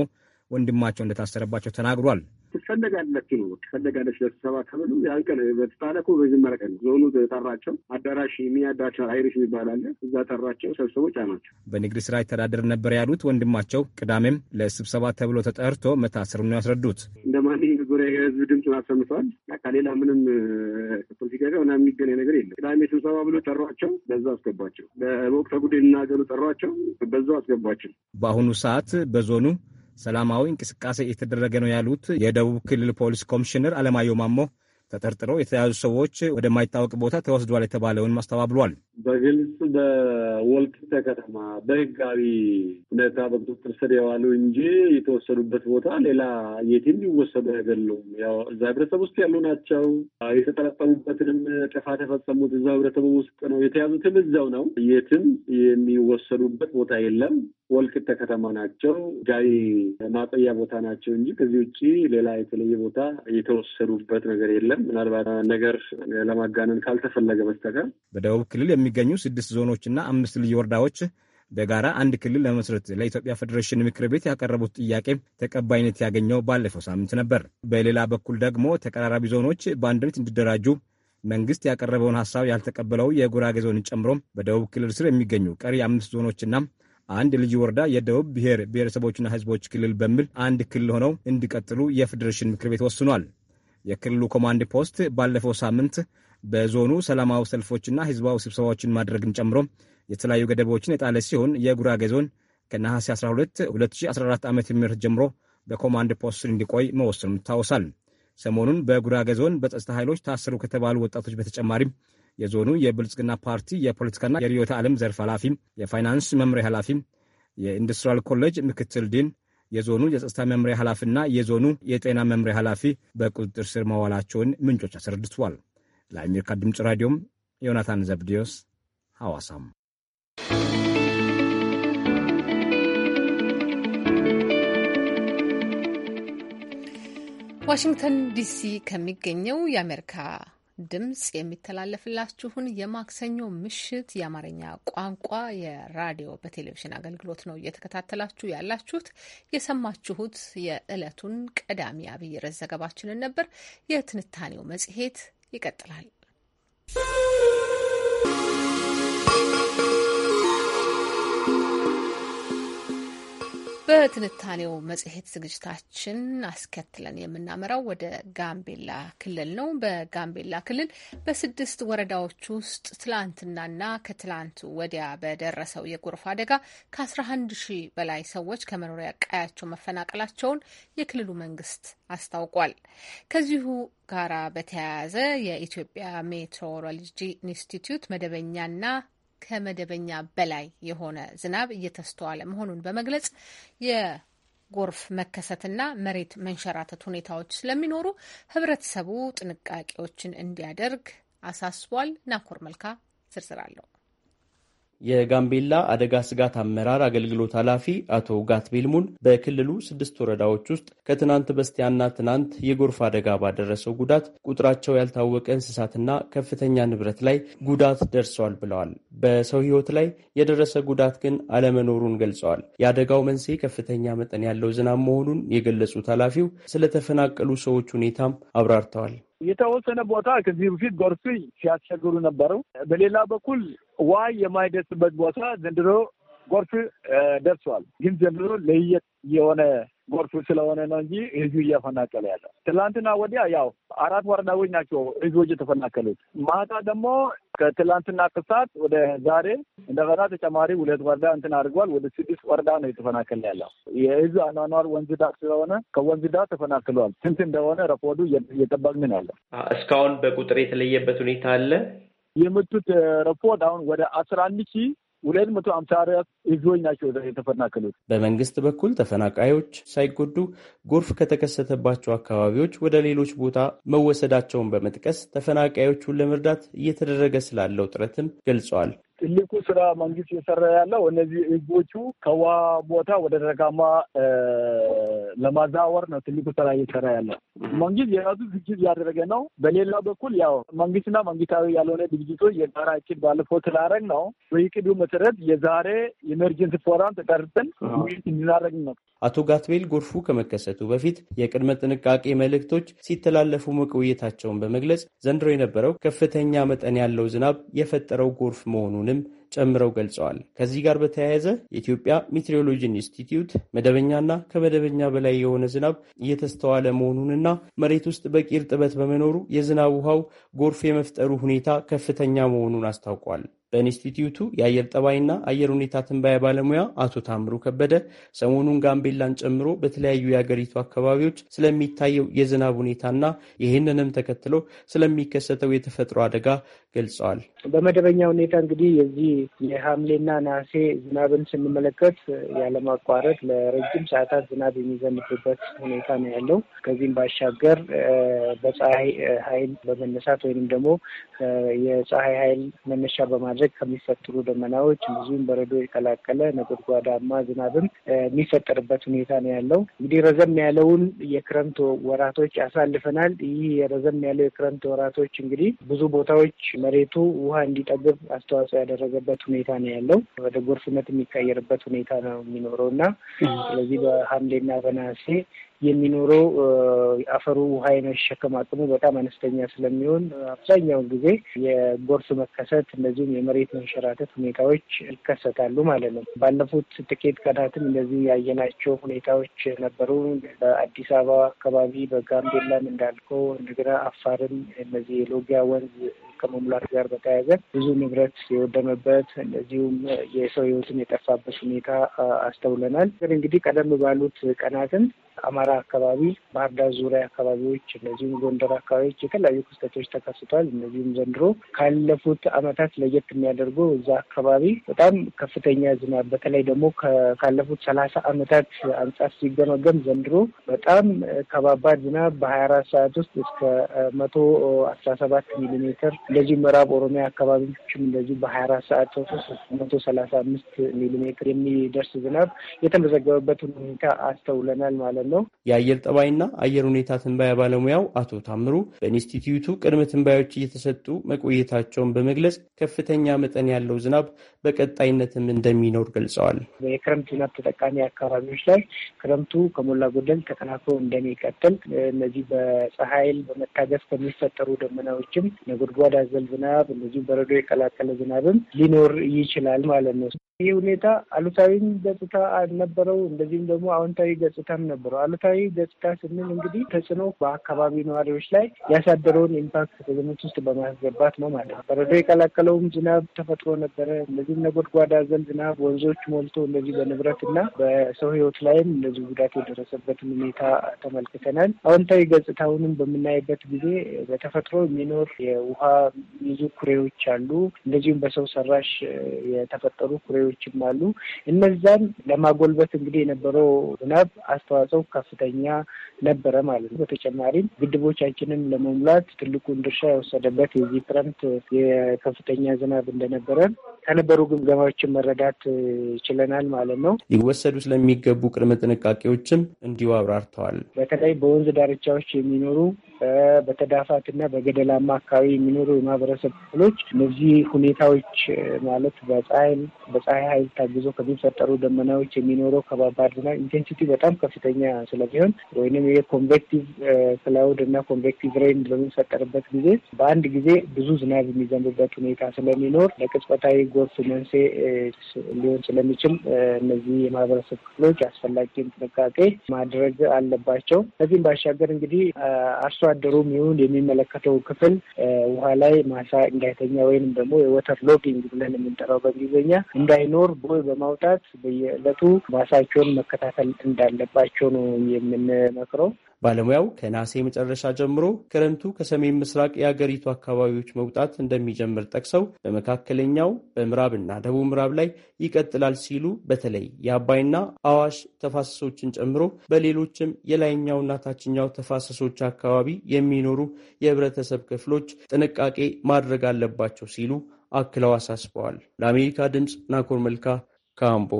ወንድማቸው እንደታሰረባቸው ተናግሯል። ትፈለጋለች ነው ትፈለጋለች ለስብሰባ ተብሎ ያን ቀን በተጣለ እኮ በመጀመሪያ ቀን ዞኑ ጠራቸው። አዳራሽ የሚያዳቸው አይሪሽ የሚባል አለ። እዛ ጠራቸው፣ ሰብሰቦች አናቸው በንግድ ስራ ይተዳደር ነበር ያሉት ወንድማቸው ቅዳሜም ለስብሰባ ተብሎ ተጠርቶ መታሰሩ ነው ያስረዱት። እንደ ማንኛውም ዙሪያ የህዝብ ድምፅ አሰምተዋል። በቃ ሌላ ምንም ፖለቲካ ጋር ምናምን የሚገናኝ ነገር የለም። ቅዳሜ ስብሰባ ብሎ ጠሯቸው፣ በዛ አስገቧቸው። በወቅተ ጉዳይ እናገሩ ጠሯቸው፣ በዛው አስገቧቸው። በአሁኑ ሰዓት በዞኑ ሰላማዊ እንቅስቃሴ እየተደረገ ነው ያሉት የደቡብ ክልል ፖሊስ ኮሚሽነር አለማየሁ ማሞ ተጠርጥረው የተያዙ ሰዎች ወደማይታወቅ ቦታ ተወስዷል የተባለውን ማስተባብሏል። በግልጽ በወልቂጤ ከተማ በህጋዊ ሁኔታ በቁጥጥር ስር የዋሉ እንጂ የተወሰዱበት ቦታ ሌላ የትም የሚወሰዱ አይደሉም። ያው እዛ ህብረተሰብ ውስጥ ያሉ ናቸው። የተጠረጠሩበትንም ጥፋት የፈጸሙት እዛ ህብረተሰቡ ውስጥ ነው። የተያዙትም እዛው ነው። የትም የሚወሰዱበት ቦታ የለም። ወልቂጤ ከተማ ናቸው። ጋይ ማቆያ ቦታ ናቸው እንጂ ከዚህ ውጭ ሌላ የተለየ ቦታ የተወሰዱበት ነገር የለም። ምናልባት ነገር ለማጋነን ካልተፈለገ በስተቀር በደቡብ ክልል የሚገኙ ስድስት ዞኖችና አምስት ልዩ ወረዳዎች በጋራ አንድ ክልል ለመስረት ለኢትዮጵያ ፌዴሬሽን ምክር ቤት ያቀረቡት ጥያቄ ተቀባይነት ያገኘው ባለፈው ሳምንት ነበር። በሌላ በኩል ደግሞ ተቀራራቢ ዞኖች በአንድነት እንዲደራጁ መንግስት ያቀረበውን ሀሳብ ያልተቀበለው የጉራጌ ዞንን ጨምሮ በደቡብ ክልል ስር የሚገኙ ቀሪ አምስት ዞኖችና አንድ ልዩ ወረዳ የደቡብ ብሔር ብሔረሰቦችና ሕዝቦች ክልል በሚል አንድ ክልል ሆነው እንዲቀጥሉ የፌዴሬሽን ምክር ቤት ወስኗል። የክልሉ ኮማንድ ፖስት ባለፈው ሳምንት በዞኑ ሰላማዊ ሰልፎችና ህዝባዊ ስብሰባዎችን ማድረግን ጨምሮ የተለያዩ ገደቦችን የጣለ ሲሆን የጉራጌ ዞን ከነሐሴ 12 2014 ዓ ም ጀምሮ በኮማንድ ፖስት እንዲቆይ መወሰኑም ይታወሳል። ሰሞኑን በጉራጌ ዞን በጸጥታ ኃይሎች ታሰሩ ከተባሉ ወጣቶች በተጨማሪም የዞኑ የብልጽግና ፓርቲ የፖለቲካና የርዕዮተ ዓለም ዘርፍ ኃላፊ፣ የፋይናንስ መምሪያ ኃላፊ፣ የኢንዱስትሪያል ኮሌጅ ምክትል ዲን፣ የዞኑ የጸጥታ መምሪያ ኃላፊና የዞኑ የጤና መምሪያ ኃላፊ በቁጥጥር ስር መዋላቸውን ምንጮች አስረድተዋል። ለአሜሪካ ድምፅ ራዲዮም ዮናታን ዘብዲዮስ ሐዋሳም ዋሽንግተን ዲሲ ከሚገኘው የአሜሪካ ድምጽ የሚተላለፍላችሁን የማክሰኞ ምሽት የአማርኛ ቋንቋ የራዲዮ በቴሌቪዥን አገልግሎት ነው እየተከታተላችሁ ያላችሁት። የሰማችሁት የዕለቱን ቀዳሚ አብይ ርዕስ ዘገባችንን ነበር። የትንታኔው መጽሔት ይቀጥላል። በትንታኔው መጽሔት ዝግጅታችን አስከትለን የምናመራው ወደ ጋምቤላ ክልል ነው። በጋምቤላ ክልል በስድስት ወረዳዎች ውስጥ ትላንትናና ከትላንቱ ወዲያ በደረሰው የጎርፍ አደጋ ከ11 ሺህ በላይ ሰዎች ከመኖሪያ ቀያቸው መፈናቀላቸውን የክልሉ መንግስት አስታውቋል። ከዚሁ ጋራ በተያያዘ የኢትዮጵያ ሜትሮሎጂ ኢንስቲትዩት መደበኛና ከመደበኛ በላይ የሆነ ዝናብ እየተስተዋለ መሆኑን በመግለጽ የጎርፍ መከሰትና መሬት መንሸራተት ሁኔታዎች ስለሚኖሩ ህብረተሰቡ ጥንቃቄዎችን እንዲያደርግ አሳስቧል። ናኮር መልካ ዝርዝር አለው። የጋምቤላ አደጋ ስጋት አመራር አገልግሎት ኃላፊ አቶ ጋት ቤልሙን በክልሉ ስድስት ወረዳዎች ውስጥ ከትናንት በስቲያና ትናንት የጎርፍ አደጋ ባደረሰው ጉዳት ቁጥራቸው ያልታወቀ እንስሳትና ከፍተኛ ንብረት ላይ ጉዳት ደርሰዋል ብለዋል። በሰው ሕይወት ላይ የደረሰ ጉዳት ግን አለመኖሩን ገልጸዋል። የአደጋው መንስኤ ከፍተኛ መጠን ያለው ዝናብ መሆኑን የገለጹት ኃላፊው ስለተፈናቀሉ ሰዎች ሁኔታም አብራርተዋል። የተወሰነ ቦታ ከዚህ በፊት ጎርፍ ሲያስቸግሩ ነበረው። በሌላ በኩል ዋይ የማይደርስበት ቦታ ዘንድሮ ጎርፍ ደርሷል። ግን ዘንድሮ ለየት የሆነ ጎርፍ ስለሆነ ነው እንጂ ህዝቡ እያፈናቀለ ያለ። ትላንትና ወዲያ ያው አራት ወረዳዎች ናቸው ህዝቦች የተፈናቀሉት። ማታ ደግሞ ከትላንትና ቅሳት ወደ ዛሬ እንደገና ተጨማሪ ሁለት ወረዳ እንትን አድርጓል። ወደ ስድስት ወረዳ ነው የተፈናቀለ ያለው። የህዝብ አኗኗር ወንዝ ዳር ስለሆነ ከወንዝ ዳር ተፈናቅለዋል። ስንት እንደሆነ ረፖዱ እየጠበቅን ነው ያለው። እስካሁን በቁጥር የተለየበት ሁኔታ አለ። የምቱት ረፖድ አሁን ወደ አስራ አንድ ሺህ ሁለት መቶ አምሳ አራት ህዝቦች ናቸው የተፈናቀሉት። በመንግስት በኩል ተፈናቃዮች ሳይጎዱ ጎርፍ ከተከሰተባቸው አካባቢዎች ወደ ሌሎች ቦታ መወሰዳቸውን በመጥቀስ ተፈናቃዮቹን ለመርዳት እየተደረገ ስላለው ጥረትም ገልጸዋል። ትልቁ ስራ መንግስት እየሰራ ያለው እነዚህ ህዝቦቹ ከውሃ ቦታ ወደ ደረጋማ ለማዛወር ነው። ትልቁ ስራ እየሰራ ያለው መንግስት የራሱ ዝግጅት እያደረገ ነው። በሌላ በኩል ያው መንግስትና መንግስታዊ ያልሆነ ድርጅቶች የጋራ እቅድ ባለፈው ስላደረግ ነው። በእቅዱ መሰረት የዛሬ ኤመርጀንሲ ፎራም ተጠርተን እንድናደረግ ነው። አቶ ጋትቤል ጎርፉ ከመከሰቱ በፊት የቅድመ ጥንቃቄ መልእክቶች ሲተላለፉ መቆየታቸውን በመግለጽ ዘንድሮ የነበረው ከፍተኛ መጠን ያለው ዝናብ የፈጠረው ጎርፍ መሆኑን እንደሚችልም ጨምረው ገልጸዋል። ከዚህ ጋር በተያያዘ የኢትዮጵያ ሜትሮሎጂ ኢንስቲትዩት መደበኛና ከመደበኛ በላይ የሆነ ዝናብ እየተስተዋለ መሆኑንና መሬት ውስጥ በቂ እርጥበት በመኖሩ የዝናብ ውሃው ጎርፍ የመፍጠሩ ሁኔታ ከፍተኛ መሆኑን አስታውቋል። በኢንስቲትዩቱ የአየር ጠባይና አየር ሁኔታ ትንባያ ባለሙያ አቶ ታምሩ ከበደ ሰሞኑን ጋምቤላን ጨምሮ በተለያዩ የአገሪቱ አካባቢዎች ስለሚታየው የዝናብ ሁኔታና ይህንንም ተከትሎ ስለሚከሰተው የተፈጥሮ አደጋ ገልጸዋል። በመደበኛ ሁኔታ እንግዲህ የዚህ የሐምሌና ነሐሴ ዝናብን ስንመለከት ያለማቋረጥ ለረጅም ሰዓታት ዝናብ የሚዘንብበት ሁኔታ ነው ያለው። ከዚህም ባሻገር በፀሐይ ኃይል በመነሳት ወይንም ደግሞ የፀሐይ ኃይል መነሻ በማድረግ በማድረግ ከሚፈጥሩ ደመናዎች ብዙም በረዶ የቀላቀለ ነጎድጓዳማ ዝናብም የሚፈጠርበት ሁኔታ ነው ያለው። እንግዲህ ረዘም ያለውን የክረምት ወራቶች ያሳልፈናል። ይህ ረዘም ያለው የክረምት ወራቶች እንግዲህ ብዙ ቦታዎች መሬቱ ውሃ እንዲጠግብ አስተዋጽኦ ያደረገበት ሁኔታ ነው ያለው። ወደ ጎርፍነት የሚቀየርበት ሁኔታ ነው የሚኖረው እና ስለዚህ በሐምሌና በነሐሴ የሚኖረው አፈሩ ውሃ የመሸከም አቅሙ በጣም አነስተኛ ስለሚሆን አብዛኛውን ጊዜ የጎርፍ መከሰት እንደዚሁም የመሬት መንሸራተት ሁኔታዎች ይከሰታሉ ማለት ነው። ባለፉት ጥቂት ቀናትም እንደዚህ ያየናቸው ሁኔታዎች ነበሩ። በአዲስ አበባ አካባቢ፣ በጋምቤላም እንዳልከው እንደገና አፋርም እነዚህ የሎጊያ ወንዝ ከመሙላት ጋር በተያያዘ ብዙ ንብረት የወደመበት እንደዚሁም የሰው ሕይወትም የጠፋበት ሁኔታ አስተውለናል። እንግዲህ ቀደም ባሉት ቀናትም አማራ አካባቢ፣ ባህርዳር ዙሪያ አካባቢዎች፣ እንደዚሁም ጎንደር አካባቢዎች የተለያዩ ክስተቶች ተከስቷል። እነዚሁም ዘንድሮ ካለፉት ዓመታት ለየት የሚያደርገው እዛ አካባቢ በጣም ከፍተኛ ዝናብ በተለይ ደግሞ ካለፉት ሰላሳ ዓመታት አንጻር ሲገመገም ዘንድሮ በጣም ከባባድ ዝናብ በሀያ አራት ሰዓት ውስጥ እስከ መቶ አስራ ሰባት ሚሊሜትር እንደዚሁ ምዕራብ ኦሮሚያ አካባቢዎችም እንደዚሁ በሀያ አራት ሰዓት ውስጥ መቶ ሰላሳ አምስት ሚሊ ሜትር የሚደርስ ዝናብ የተመዘገበበትን ሁኔታ አስተውለናል ማለት ነው። የአየር ጠባይና አየር ሁኔታ ትንባያ ባለሙያው አቶ ታምሩ በኢንስቲትዩቱ ቅድመ ትንባዮች እየተሰጡ መቆየታቸውን በመግለጽ ከፍተኛ መጠን ያለው ዝናብ በቀጣይነትም እንደሚኖር ገልጸዋል። የክረምት ዝናብ ተጠቃሚ አካባቢዎች ላይ ክረምቱ ከሞላ ጎደል ተጠናክሮ እንደሚቀጥል እነዚህ በፀሐይል በመታገስ ከሚፈጠሩ ደመናዎችም ነጎድጓድ አዘል ዝናብ እነዚሁ በረዶ የቀላቀለ ዝናብም ሊኖር ይችላል ማለት ነው። ይህ ሁኔታ አሉታዊም ገጽታ አልነበረው እንደዚሁም ደግሞ አዎንታዊ ገጽታም ነበረው። አሉታዊ ገጽታ ስንል እንግዲህ ተጽዕኖ በአካባቢ ነዋሪዎች ላይ ያሳደረውን ኢምፓክት ግምት ውስጥ በማስገባት ነው ማለት ነው። በረዶ የቀላቀለውም ዝናብ ተፈጥሮ ነበረ። እንደዚህም ነጎድጓዳ ዘንድ ዝናብ ወንዞች ሞልቶ እንደዚህ በንብረት እና በሰው ህይወት ላይም እንደዚህ ጉዳት የደረሰበትን ሁኔታ ተመልክተናል። አዎንታዊ ገጽታውንም በምናይበት ጊዜ በተፈጥሮ የሚኖር የውሃ ይዙ ኩሬዎች አሉ። እንደዚሁም በሰው ሰራሽ የተፈጠሩ ኩሬዎች ሌሎችም አሉ። እነዛን ለማጎልበት እንግዲህ የነበረው ዝናብ አስተዋጽኦ ከፍተኛ ነበረ ማለት ነው። በተጨማሪም ግድቦቻችንን ለመሙላት ትልቁን ድርሻ የወሰደበት የዚህ ክረምት የከፍተኛ ዝናብ እንደነበረ ከነበሩ ግምገማዎችን መረዳት ችለናል ማለት ነው። ሊወሰዱ ስለሚገቡ ቅድመ ጥንቃቄዎችም እንዲሁ አብራርተዋል። በተለይ በወንዝ ዳርቻዎች የሚኖሩ በተዳፋት እና በገደላማ አካባቢ የሚኖሩ የማህበረሰብ ክፍሎች እነዚህ ሁኔታዎች ማለት በፀሐይ በፀሐይ ኃይል ታግዞ ከሚፈጠሩ ደመናዎች የሚኖረው ከባባድና ኢንቴንሲቲ በጣም ከፍተኛ ስለሚሆን ወይም ይሄ ኮንቬክቲቭ ክላውድ uh, እና ኮንቬክቲቭ ሬን በሚፈጠርበት ጊዜ በአንድ ጊዜ ብዙ ዝናብ የሚዘንብበት ሁኔታ ስለሚኖር ለቅጽበታዊ ጎርፍ መንስኤ uh, ሊሆን ስለሚችል uh, እነዚህ የማህበረሰብ ክፍሎች አስፈላጊ ጥንቃቄ ማድረግ አለባቸው። ከዚህም ባሻገር እንግዲህ አርሶ አደሩም ይሁን የሚመለከተው ክፍል ውሃ ላይ ማሳ እንዳይተኛ ወይንም ደግሞ የወተር ሎጊንግ ብለን የምንጠራው በእንግሊዝኛ እንዳይ እንዳይኖር ቦይ በማውጣት በየዕለቱ ራሳቸውን መከታተል እንዳለባቸው ነው የምንመክረው። ባለሙያው ከነሐሴ መጨረሻ ጀምሮ ክረምቱ ከሰሜን ምስራቅ የአገሪቱ አካባቢዎች መውጣት እንደሚጀምር ጠቅሰው በመካከለኛው በምዕራብና ደቡብ ምዕራብ ላይ ይቀጥላል ሲሉ በተለይ የአባይና አዋሽ ተፋሰሶችን ጨምሮ በሌሎችም የላይኛውና ታችኛው ተፋሰሶች አካባቢ የሚኖሩ የህብረተሰብ ክፍሎች ጥንቃቄ ማድረግ አለባቸው ሲሉ አክለው አሳስበዋል። ለአሜሪካ ድምፅ ናኮር መልካ ካምቦ።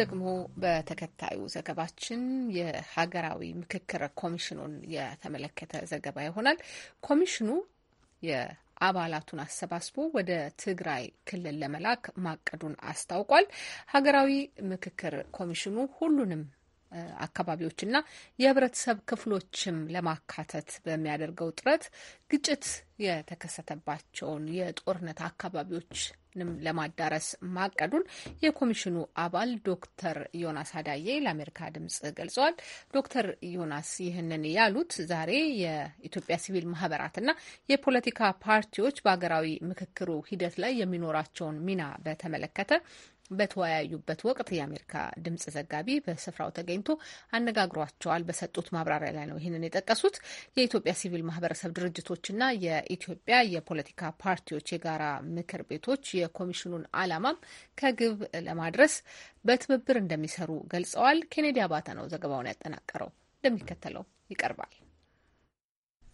ደግሞ በተከታዩ ዘገባችን የሀገራዊ ምክክር ኮሚሽኑን የተመለከተ ዘገባ ይሆናል። ኮሚሽኑ አባላቱን አሰባስቦ ወደ ትግራይ ክልል ለመላክ ማቀዱን አስታውቋል። ሀገራዊ ምክክር ኮሚሽኑ ሁሉንም አካባቢዎችና የህብረተሰብ ክፍሎችም ለማካተት በሚያደርገው ጥረት ግጭት የተከሰተባቸውን የጦርነት አካባቢዎችንም ለማዳረስ ማቀዱን የኮሚሽኑ አባል ዶክተር ዮናስ አዳዬ ለአሜሪካ ድምጽ ገልጸዋል። ዶክተር ዮናስ ይህንን ያሉት ዛሬ የኢትዮጵያ ሲቪል ማህበራትና የፖለቲካ ፓርቲዎች በሀገራዊ ምክክሩ ሂደት ላይ የሚኖራቸውን ሚና በተመለከተ በተወያዩበት ወቅት የአሜሪካ ድምጽ ዘጋቢ በስፍራው ተገኝቶ አነጋግሯቸዋል። በሰጡት ማብራሪያ ላይ ነው ይህንን የጠቀሱት። የኢትዮጵያ ሲቪል ማህበረሰብ ድርጅቶችና የኢትዮጵያ የፖለቲካ ፓርቲዎች የጋራ ምክር ቤቶች የኮሚሽኑን ዓላማም ከግብ ለማድረስ በትብብር እንደሚሰሩ ገልጸዋል። ኬኔዲ አባተ ነው ዘገባውን ያጠናቀረው፣ እንደሚከተለው ይቀርባል።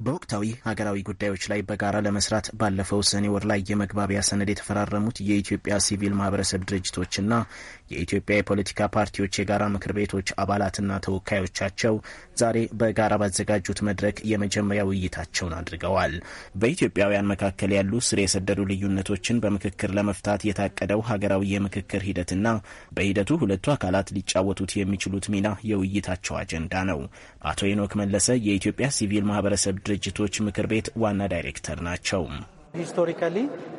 በወቅታዊ ሀገራዊ ጉዳዮች ላይ በጋራ ለመስራት ባለፈው ሰኔ ወር ላይ የመግባቢያ ሰነድ የተፈራረሙት የኢትዮጵያ ሲቪል ማህበረሰብ ድርጅቶችና የኢትዮጵያ የፖለቲካ ፓርቲዎች የጋራ ምክር ቤቶች አባላትና ተወካዮቻቸው ዛሬ በጋራ ባዘጋጁት መድረክ የመጀመሪያ ውይይታቸውን አድርገዋል። በኢትዮጵያውያን መካከል ያሉ ስር የሰደዱ ልዩነቶችን በምክክር ለመፍታት የታቀደው ሀገራዊ የምክክር ሂደትና በሂደቱ ሁለቱ አካላት ሊጫወቱት የሚችሉት ሚና የውይይታቸው አጀንዳ ነው። አቶ ኢኖክ መለሰ የኢትዮጵያ ሲቪል ማህበረሰብ ድርጅቶች ምክር ቤት ዋና ዳይሬክተር ናቸው። ሂስቶሪካሊ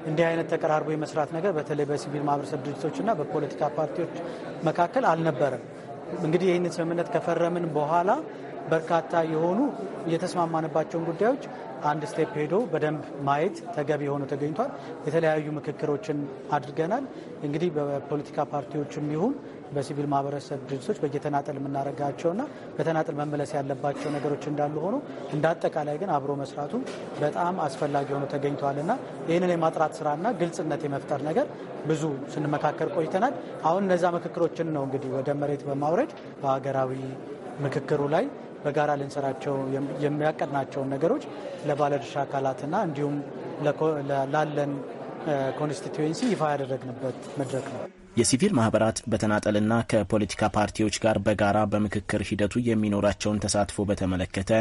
እንዲህ አይነት ተቀራርቦ የመስራት ነገር በተለይ በሲቪል ማህበረሰብ ድርጅቶችና በፖለቲካ ፓርቲዎች መካከል አልነበረም። እንግዲህ ይህንን ስምምነት ከፈረምን በኋላ በርካታ የሆኑ የተስማማንባቸውን ጉዳዮች አንድ ስቴፕ ሄዶ በደንብ ማየት ተገቢ ሆኖ ተገኝቷል። የተለያዩ ምክክሮችን አድርገናል። እንግዲህ በፖለቲካ ፓርቲዎችም ይሁን በሲቪል ማህበረሰብ ድርጅቶች በየተናጠል የምናደርጋቸውና በተናጠል መመለስ ያለባቸው ነገሮች እንዳሉ ሆኖ እንደ አጠቃላይ ግን አብሮ መስራቱ በጣም አስፈላጊ ሆኖ ተገኝተዋልና ይህንን የማጥራት ስራና ግልጽነት የመፍጠር ነገር ብዙ ስንመካከር ቆይተናል። አሁን እነዛ ምክክሮችን ነው እንግዲህ ወደ መሬት በማውረድ በሀገራዊ ምክክሩ ላይ በጋራ ልንሰራቸው የሚያቀድናቸውን ነገሮች ለባለድርሻ አካላትና እንዲሁም ላለን ኮንስቲትዌንሲ ይፋ ያደረግንበት መድረክ ነው። የሲቪል ማህበራት በተናጠልና ከፖለቲካ ፓርቲዎች ጋር በጋራ በምክክር ሂደቱ የሚኖራቸውን ተሳትፎ በተመለከተ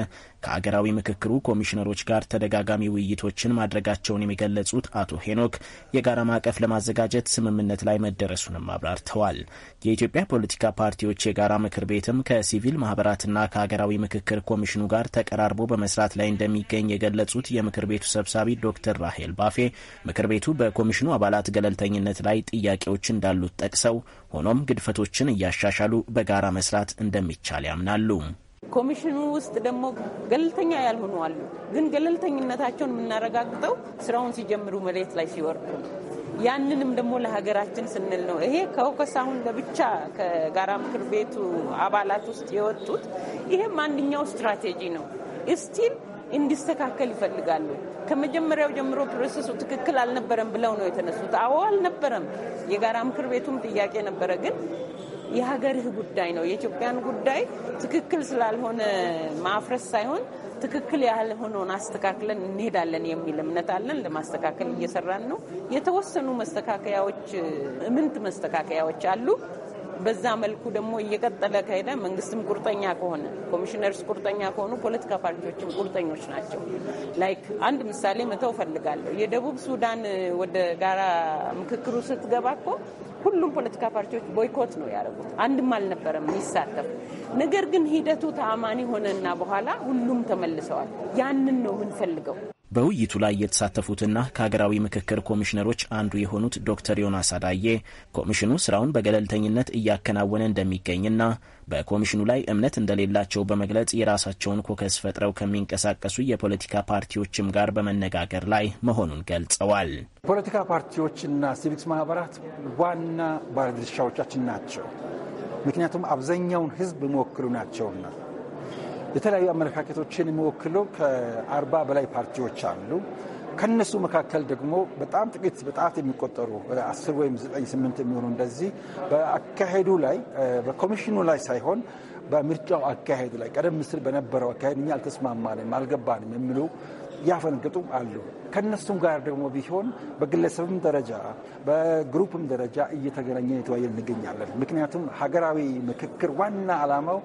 ከሀገራዊ ምክክሩ ኮሚሽነሮች ጋር ተደጋጋሚ ውይይቶችን ማድረጋቸውን የሚገለጹት አቶ ሄኖክ የጋራ ማዕቀፍ ለማዘጋጀት ስምምነት ላይ መደረሱንም አብራርተዋል። የኢትዮጵያ ፖለቲካ ፓርቲዎች የጋራ ምክር ቤትም ከሲቪል ማህበራትና ከሀገራዊ ምክክር ኮሚሽኑ ጋር ተቀራርቦ በመስራት ላይ እንደሚገኝ የገለጹት የምክር ቤቱ ሰብሳቢ ዶክተር ራሄል ባፌ ምክር ቤቱ በኮሚሽኑ አባላት ገለልተኝነት ላይ ጥያቄዎች እንዳሉ እንዳሉት ጠቅሰው ሆኖም ግድፈቶችን እያሻሻሉ በጋራ መስራት እንደሚቻል ያምናሉ። ኮሚሽኑ ውስጥ ደግሞ ገለልተኛ ያልሆኑ አሉ። ግን ገለልተኝነታቸውን የምናረጋግጠው ስራውን ሲጀምሩ መሬት ላይ ሲወርዱ ያንንም ደግሞ ለሀገራችን ስንል ነው። ይሄ ከውከስ አሁን ለብቻ ከጋራ ምክር ቤቱ አባላት ውስጥ የወጡት ይሄም አንድኛው ስትራቴጂ ነው። ስቲል እንዲስተካከል ይፈልጋሉ። ከመጀመሪያው ጀምሮ ፕሮሰሱ ትክክል አልነበረም ብለው ነው የተነሱት። አዎ አልነበረም። የጋራ ምክር ቤቱም ጥያቄ ነበረ። ግን የሀገርህ ጉዳይ ነው። የኢትዮጵያን ጉዳይ ትክክል ስላልሆነ ማፍረስ ሳይሆን ትክክል ያህል ሆኖን አስተካክለን እንሄዳለን የሚል እምነት አለን። ለማስተካከል እየሰራን ነው። የተወሰኑ መስተካከያዎች፣ እምንት መስተካከያዎች አሉ። በዛ መልኩ ደግሞ እየቀጠለ ከሄደ መንግስትም ቁርጠኛ ከሆነ ኮሚሽነርስ ቁርጠኛ ከሆኑ ፖለቲካ ፓርቲዎችም ቁርጠኞች ናቸው። ላይክ አንድ ምሳሌ መተው ፈልጋለሁ የደቡብ ሱዳን ወደ ጋራ ምክክሩ ስትገባ እኮ ሁሉም ፖለቲካ ፓርቲዎች ቦይኮት ነው ያደረጉት። አንድም አልነበረም የሚሳተፉ። ነገር ግን ሂደቱ ተአማኒ ሆነና በኋላ ሁሉም ተመልሰዋል። ያንን ነው የምንፈልገው። በውይይቱ ላይ የተሳተፉትና ከሀገራዊ ምክክር ኮሚሽነሮች አንዱ የሆኑት ዶክተር ዮናስ አዳዬ ኮሚሽኑ ስራውን በገለልተኝነት እያከናወነ እንደሚገኝና በኮሚሽኑ ላይ እምነት እንደሌላቸው በመግለጽ የራሳቸውን ኮከስ ፈጥረው ከሚንቀሳቀሱ የፖለቲካ ፓርቲዎችም ጋር በመነጋገር ላይ መሆኑን ገልጸዋል። ፖለቲካ ፓርቲዎችና ሲቪክስ ማህበራት ዋና ባለድርሻዎቻችን ናቸው። ምክንያቱም አብዛኛውን ህዝብ የሚወክሉ ናቸውና የተለያዩ አመለካከቶችን የሚወክሉ ከአርባ በላይ ፓርቲዎች አሉ። ከነሱ መካከል ደግሞ በጣም ጥቂት በጣት የሚቆጠሩ አስር ወይም ዘጠኝ ስምንት የሚሆኑ እንደዚህ በአካሄዱ ላይ በኮሚሽኑ ላይ ሳይሆን በምርጫው አካሄድ ላይ ቀደም ሲል በነበረው አካሄድ እኛ አልተስማማንም፣ አልገባንም የሚሉ ያፈንግጡ አሉ። ከነሱም ጋር ደግሞ ቢሆን በግለሰብም ደረጃ በግሩፕም ደረጃ እየተገናኘ የተወያየ እንገኛለን። ምክንያቱም ሀገራዊ ምክክር ዋና ዓላማው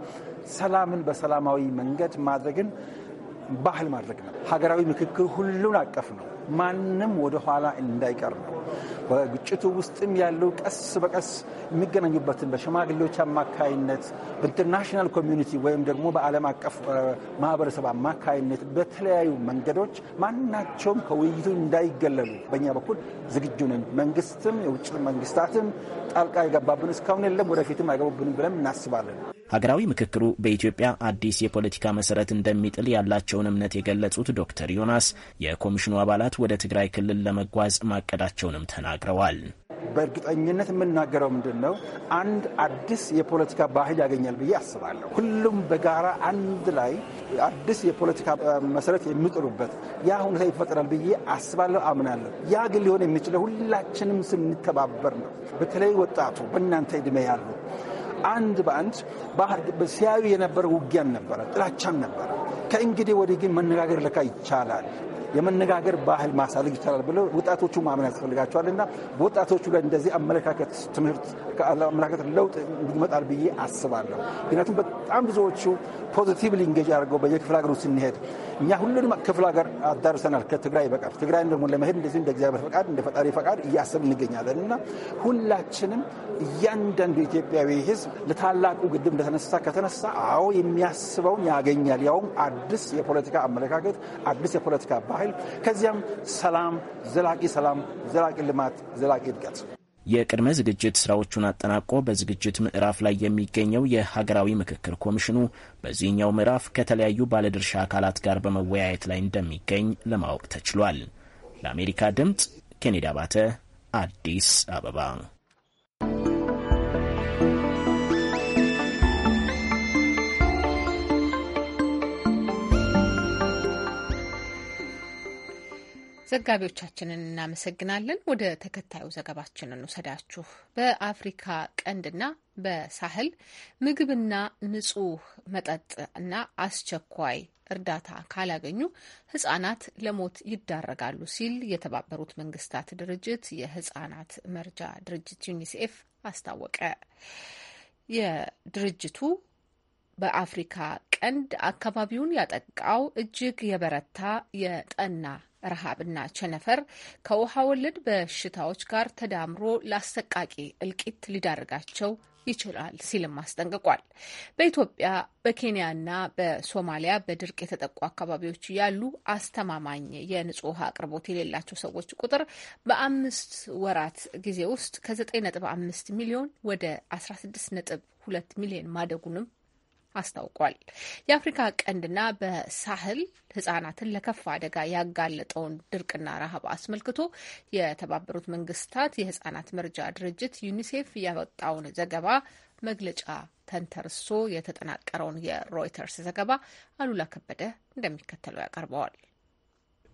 ሰላምን በሰላማዊ መንገድ ማድረግን ባህል ማድረግ ነው። ሀገራዊ ምክክር ሁሉን አቀፍ ነው። ማንም ኋላ እንዳይቀር ነው። በግጭቱ ውስጥም ያለው ቀስ በቀስ የሚገናኙበትን በሽማግሌዎች አማካይነት በኢንተርናሽናል ኮሚዩኒቲ ወይም ደግሞ በዓለም አቀፍ ማህበረሰብ አማካይነት በተለያዩ መንገዶች ማናቸውም ከውይይቱ እንዳይገለሉ በእኛ በኩል ዝግጁ ነን። መንግስትም የውጭ መንግስታትም ጣልቃ የገባብን እስካሁን የለም፣ ወደፊትም አይገቡብንም ብለን እናስባለን። ሀገራዊ ምክክሩ በኢትዮጵያ አዲስ የፖለቲካ መሰረት እንደሚጥል ያላቸውን እምነት የገለጹት ዶክተር ዮናስ የኮሚሽኑ አባላት ወደ ትግራይ ክልል ለመጓዝ ማቀዳቸውንም ተናግረዋል። በእርግጠኝነት የምናገረው ምንድን ነው፣ አንድ አዲስ የፖለቲካ ባህል ያገኛል ብዬ አስባለሁ። ሁሉም በጋራ አንድ ላይ አዲስ የፖለቲካ መሰረት የሚጥሩበት ያ ሁኔታ ይፈጠራል ብዬ አስባለሁ፣ አምናለሁ። ያ ግን ሊሆን የሚችለው ሁላችንም ስንተባበር ነው። በተለይ ወጣቱ፣ በእናንተ እድሜ ያሉ አንድ በአንድ ሲያዩ የነበረ ውጊያን ነበረ፣ ጥላቻን ነበረ። ከእንግዲህ ወዲህ ግን መነጋገር ለካ ይቻላል። የመነጋገር ባህል ማሳደግ ይቻላል ብለ ወጣቶቹ ማመን ያስፈልጋቸዋል። እና በወጣቶቹ ላይ እንደዚህ አመለካከት ትምህርት አመለካከት ለውጥ እንዲመጣል ብዬ አስባለሁ። ምክንያቱም በጣም ብዙዎቹ ፖዚቲቭ ሊንጌጅ አድርገው በየክፍለ ሀገሩ ስንሄድ እኛ ሁሉንም ክፍለ ሀገር አዳርሰናል ከትግራይ በቀር። ትግራይ ደግሞ ለመሄድ እንደዚህ እንደ እግዚአብሔር ፈቃድ እንደ ፈጣሪ ፈቃድ እያሰብን እንገኛለን እና ሁላችንም እያንዳንዱ ኢትዮጵያዊ ህዝብ ለታላቁ ግድብ እንደተነሳ ከተነሳ አዎ የሚያስበውን ያገኛል። ያውም አዲስ የፖለቲካ አመለካከት አዲስ የፖለቲካ ኃይል ከዚያም ሰላም፣ ዘላቂ ሰላም፣ ዘላቂ ልማት፣ ዘላቂ እድገት። የቅድመ ዝግጅት ስራዎቹን አጠናቆ በዝግጅት ምዕራፍ ላይ የሚገኘው የሀገራዊ ምክክር ኮሚሽኑ በዚህኛው ምዕራፍ ከተለያዩ ባለድርሻ አካላት ጋር በመወያየት ላይ እንደሚገኝ ለማወቅ ተችሏል። ለአሜሪካ ድምፅ ኬኔዲ አባተ አዲስ አበባ ዘጋቢዎቻችንን እናመሰግናለን። ወደ ተከታዩ ዘገባችን እንውሰዳችሁ። በአፍሪካ ቀንድና በሳህል ምግብና ንጹህ መጠጥ እና አስቸኳይ እርዳታ ካላገኙ ህጻናት ለሞት ይዳረጋሉ ሲል የተባበሩት መንግስታት ድርጅት የህጻናት መርጃ ድርጅት ዩኒሴፍ አስታወቀ። የድርጅቱ በአፍሪካ ቀንድ አካባቢውን ያጠቃው እጅግ የበረታ የጠና ረሃብና ቸነፈር ከውሃ ወለድ በሽታዎች ጋር ተዳምሮ ለአሰቃቂ እልቂት ሊዳርጋቸው ይችላል ሲልም አስጠንቅቋል። በኢትዮጵያ በኬንያና በሶማሊያ በድርቅ የተጠቁ አካባቢዎች ያሉ አስተማማኝ የንጹህ ውሃ አቅርቦት የሌላቸው ሰዎች ቁጥር በአምስት ወራት ጊዜ ውስጥ ከ9.5 ሚሊዮን ወደ 16.2 ሚሊዮን ማደጉንም አስታውቋል። የአፍሪካ ቀንድና በሳህል ህጻናትን ለከፋ አደጋ ያጋለጠውን ድርቅና ረሃብ አስመልክቶ የተባበሩት መንግስታት የህጻናት መርጃ ድርጅት ዩኒሴፍ ያወጣውን ዘገባ መግለጫ ተንተርሶ የተጠናቀረውን የሮይተርስ ዘገባ አሉላ ከበደ እንደሚከተለው ያቀርበዋል።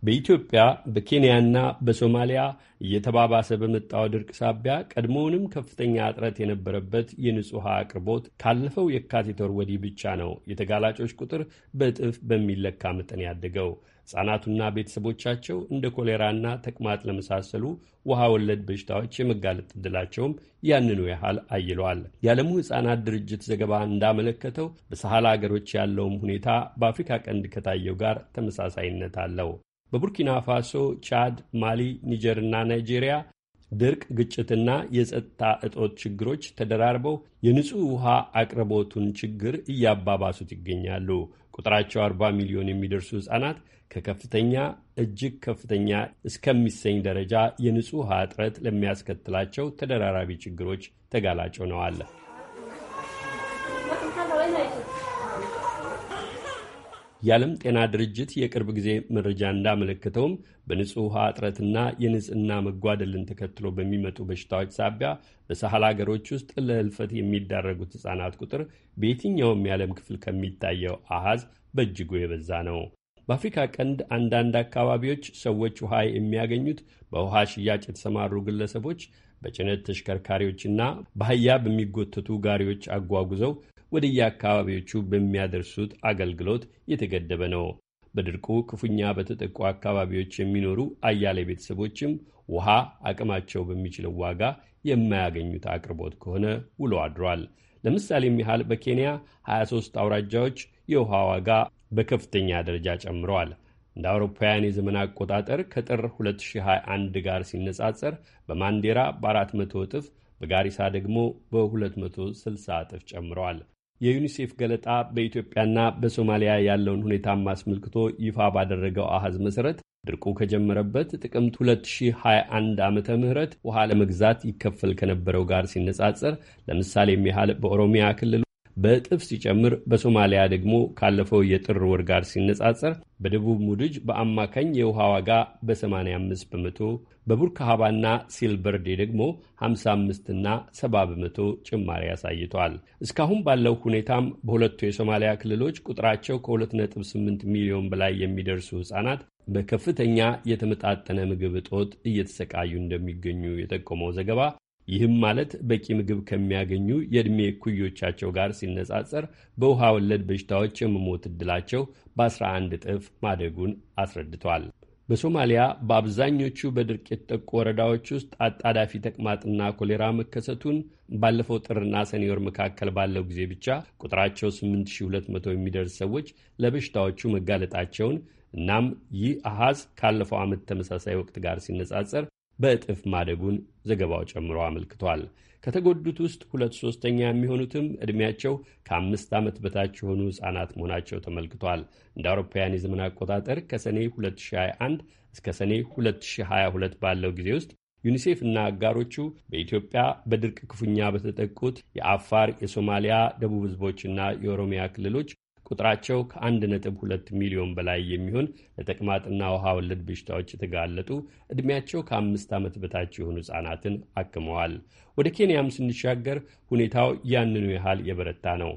በኢትዮጵያ በኬንያና በሶማሊያ እየተባባሰ በመጣው ድርቅ ሳቢያ ቀድሞውንም ከፍተኛ እጥረት የነበረበት የንጹሕ ውሃ አቅርቦት ካለፈው የካቲት ወር ወዲህ ብቻ ነው የተጋላጮች ቁጥር በእጥፍ በሚለካ መጠን ያደገው። ሕፃናቱና ቤተሰቦቻቸው እንደ ኮሌራና ተቅማጥ ለመሳሰሉ ውሃ ወለድ በሽታዎች የመጋለጥ ዕድላቸውም ያንኑ ያህል አይሏል። የዓለሙ ሕፃናት ድርጅት ዘገባ እንዳመለከተው በሳህል አገሮች ያለውም ሁኔታ በአፍሪካ ቀንድ ከታየው ጋር ተመሳሳይነት አለው። በቡርኪና ፋሶ፣ ቻድ፣ ማሊ፣ ኒጀርና ናይጄሪያ ድርቅ፣ ግጭትና የጸጥታ እጦት ችግሮች ተደራርበው የንጹሕ ውሃ አቅርቦቱን ችግር እያባባሱት ይገኛሉ። ቁጥራቸው 40 ሚሊዮን የሚደርሱ ሕፃናት ከከፍተኛ እጅግ ከፍተኛ እስከሚሰኝ ደረጃ የንጹሕ ውሃ እጥረት ለሚያስከትላቸው ተደራራቢ ችግሮች ተጋላጭ ሆነዋል። የዓለም ጤና ድርጅት የቅርብ ጊዜ መረጃ እንዳመለከተውም በንጹህ ውሃ እጥረትና የንጽህና መጓደልን ተከትሎ በሚመጡ በሽታዎች ሳቢያ በሳህል አገሮች ውስጥ ለህልፈት የሚዳረጉት ህጻናት ቁጥር በየትኛውም የዓለም ክፍል ከሚታየው አሃዝ በእጅጉ የበዛ ነው። በአፍሪካ ቀንድ አንዳንድ አካባቢዎች ሰዎች ውሃ የሚያገኙት በውሃ ሽያጭ የተሰማሩ ግለሰቦች በጭነት ተሽከርካሪዎችና በአህያ በሚጎተቱ ጋሪዎች አጓጉዘው ወደየአካባቢዎቹ በሚያደርሱት አገልግሎት የተገደበ ነው። በድርቁ ክፉኛ በተጠቁ አካባቢዎች የሚኖሩ አያሌ ቤተሰቦችም ውሃ አቅማቸው በሚችለው ዋጋ የማያገኙት አቅርቦት ከሆነ ውሎ አድሯል። ለምሳሌ ያህል በኬንያ 23 አውራጃዎች የውሃ ዋጋ በከፍተኛ ደረጃ ጨምረዋል። እንደ አውሮፓውያን የዘመን አቆጣጠር ከጥር 2021 ጋር ሲነጻጸር በማንዴራ በ400 እጥፍ በጋሪሳ ደግሞ በ260 እጥፍ ጨምረዋል። የዩኒሴፍ ገለጣ በኢትዮጵያና በሶማሊያ ያለውን ሁኔታም አስመልክቶ ይፋ ባደረገው አሃዝ መሠረት ድርቁ ከጀመረበት ጥቅምት 2021 ዓመተ ምህረት ውሃ ለመግዛት ይከፈል ከነበረው ጋር ሲነጻጸር ለምሳሌም ያህል በኦሮሚያ ክልል በእጥፍ ሲጨምር በሶማሊያ ደግሞ ካለፈው የጥር ወር ጋር ሲነጻጸር በደቡብ ሙድጅ በአማካኝ የውሃ ዋጋ በ85 በመቶ በቡርካሃባና ሲልበርዴ ደግሞ 55 እና 70 በመቶ ጭማሪ አሳይቷል። እስካሁን ባለው ሁኔታም በሁለቱ የሶማሊያ ክልሎች ቁጥራቸው ከ2.8 ሚሊዮን በላይ የሚደርሱ ሕፃናት በከፍተኛ የተመጣጠነ ምግብ እጦት እየተሰቃዩ እንደሚገኙ የጠቆመው ዘገባ ይህም ማለት በቂ ምግብ ከሚያገኙ የዕድሜ ኩዮቻቸው ጋር ሲነጻጸር በውሃ ወለድ በሽታዎች የመሞት ዕድላቸው በ11 እጥፍ ማደጉን አስረድቷል። በሶማሊያ በአብዛኞቹ በድርቅ የተጠቁ ወረዳዎች ውስጥ አጣዳፊ ተቅማጥና ኮሌራ መከሰቱን ባለፈው ጥርና ሰኔ ወር መካከል ባለው ጊዜ ብቻ ቁጥራቸው 8200 የሚደርስ ሰዎች ለበሽታዎቹ መጋለጣቸውን እናም ይህ አሃዝ ካለፈው ዓመት ተመሳሳይ ወቅት ጋር ሲነጻጸር በእጥፍ ማደጉን ዘገባው ጨምሮ አመልክቷል። ከተጎዱት ውስጥ ሁለት ሶስተኛ የሚሆኑትም ዕድሜያቸው ከአምስት ዓመት በታች የሆኑ ሕፃናት መሆናቸው ተመልክቷል። እንደ አውሮፓውያን የዘመን አቆጣጠር ከሰኔ 2021 እስከ ሰኔ 2022 ባለው ጊዜ ውስጥ ዩኒሴፍ እና አጋሮቹ በኢትዮጵያ በድርቅ ክፉኛ በተጠቁት የአፋር፣ የሶማሊያ ደቡብ ህዝቦችና የኦሮሚያ ክልሎች ቁጥራቸው ከ1.2 ሚሊዮን በላይ የሚሆን ለተቅማጥና ውሃ ወለድ በሽታዎች የተጋለጡ ዕድሜያቸው ከአምስት ዓመት በታች የሆኑ ሕፃናትን አክመዋል። ወደ ኬንያም ስንሻገር ሁኔታው ያንኑ ያህል የበረታ ነው።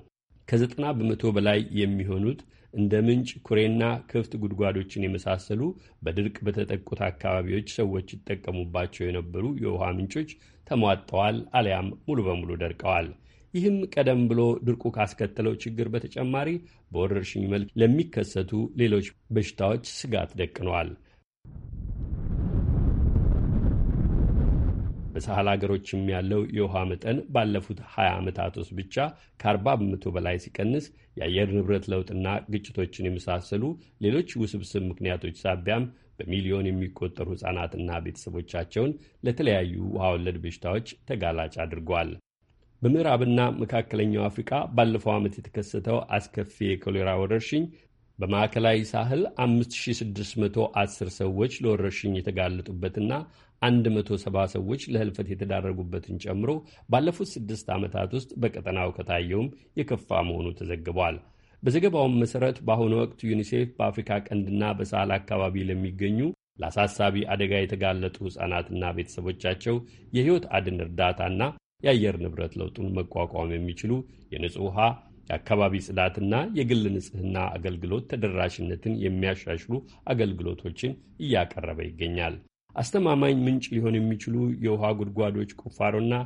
ከዘጠና በመቶ በላይ የሚሆኑት እንደ ምንጭ ኩሬና ክፍት ጉድጓዶችን የመሳሰሉ በድርቅ በተጠቁት አካባቢዎች ሰዎች ይጠቀሙባቸው የነበሩ የውሃ ምንጮች ተሟጠዋል አሊያም ሙሉ በሙሉ ደርቀዋል። ይህም ቀደም ብሎ ድርቁ ካስከተለው ችግር በተጨማሪ በወረርሽኝ መልክ ለሚከሰቱ ሌሎች በሽታዎች ስጋት ደቅነዋል። በሳህል አገሮችም ያለው የውሃ መጠን ባለፉት 20 ዓመታት ውስጥ ብቻ ከ40 በመቶ በላይ ሲቀንስ የአየር ንብረት ለውጥና ግጭቶችን የመሳሰሉ ሌሎች ውስብስብ ምክንያቶች ሳቢያም በሚሊዮን የሚቆጠሩ ሕፃናትና ቤተሰቦቻቸውን ለተለያዩ ውሃ ወለድ በሽታዎች ተጋላጭ አድርጓል። በምዕራብና መካከለኛው አፍሪካ ባለፈው ዓመት የተከሰተው አስከፊ የኮሌራ ወረርሽኝ በማዕከላዊ ሳህል 5610 ሰዎች ለወረርሽኝ የተጋለጡበትና 170 ሰዎች ለህልፈት የተዳረጉበትን ጨምሮ ባለፉት ስድስት ዓመታት ውስጥ በቀጠናው ከታየውም የከፋ መሆኑ ተዘግቧል። በዘገባውም መሠረት በአሁኑ ወቅት ዩኒሴፍ በአፍሪካ ቀንድና በሳህል አካባቢ ለሚገኙ ለአሳሳቢ አደጋ የተጋለጡ ሕፃናትና ቤተሰቦቻቸው የሕይወት አድን እርዳታና የአየር ንብረት ለውጡን መቋቋም የሚችሉ የንጹህ ውሃ፣ የአካባቢ ጽዳትና የግል ንጽህና አገልግሎት ተደራሽነትን የሚያሻሽሉ አገልግሎቶችን እያቀረበ ይገኛል። አስተማማኝ ምንጭ ሊሆን የሚችሉ የውሃ ጉድጓዶች ቁፋሮና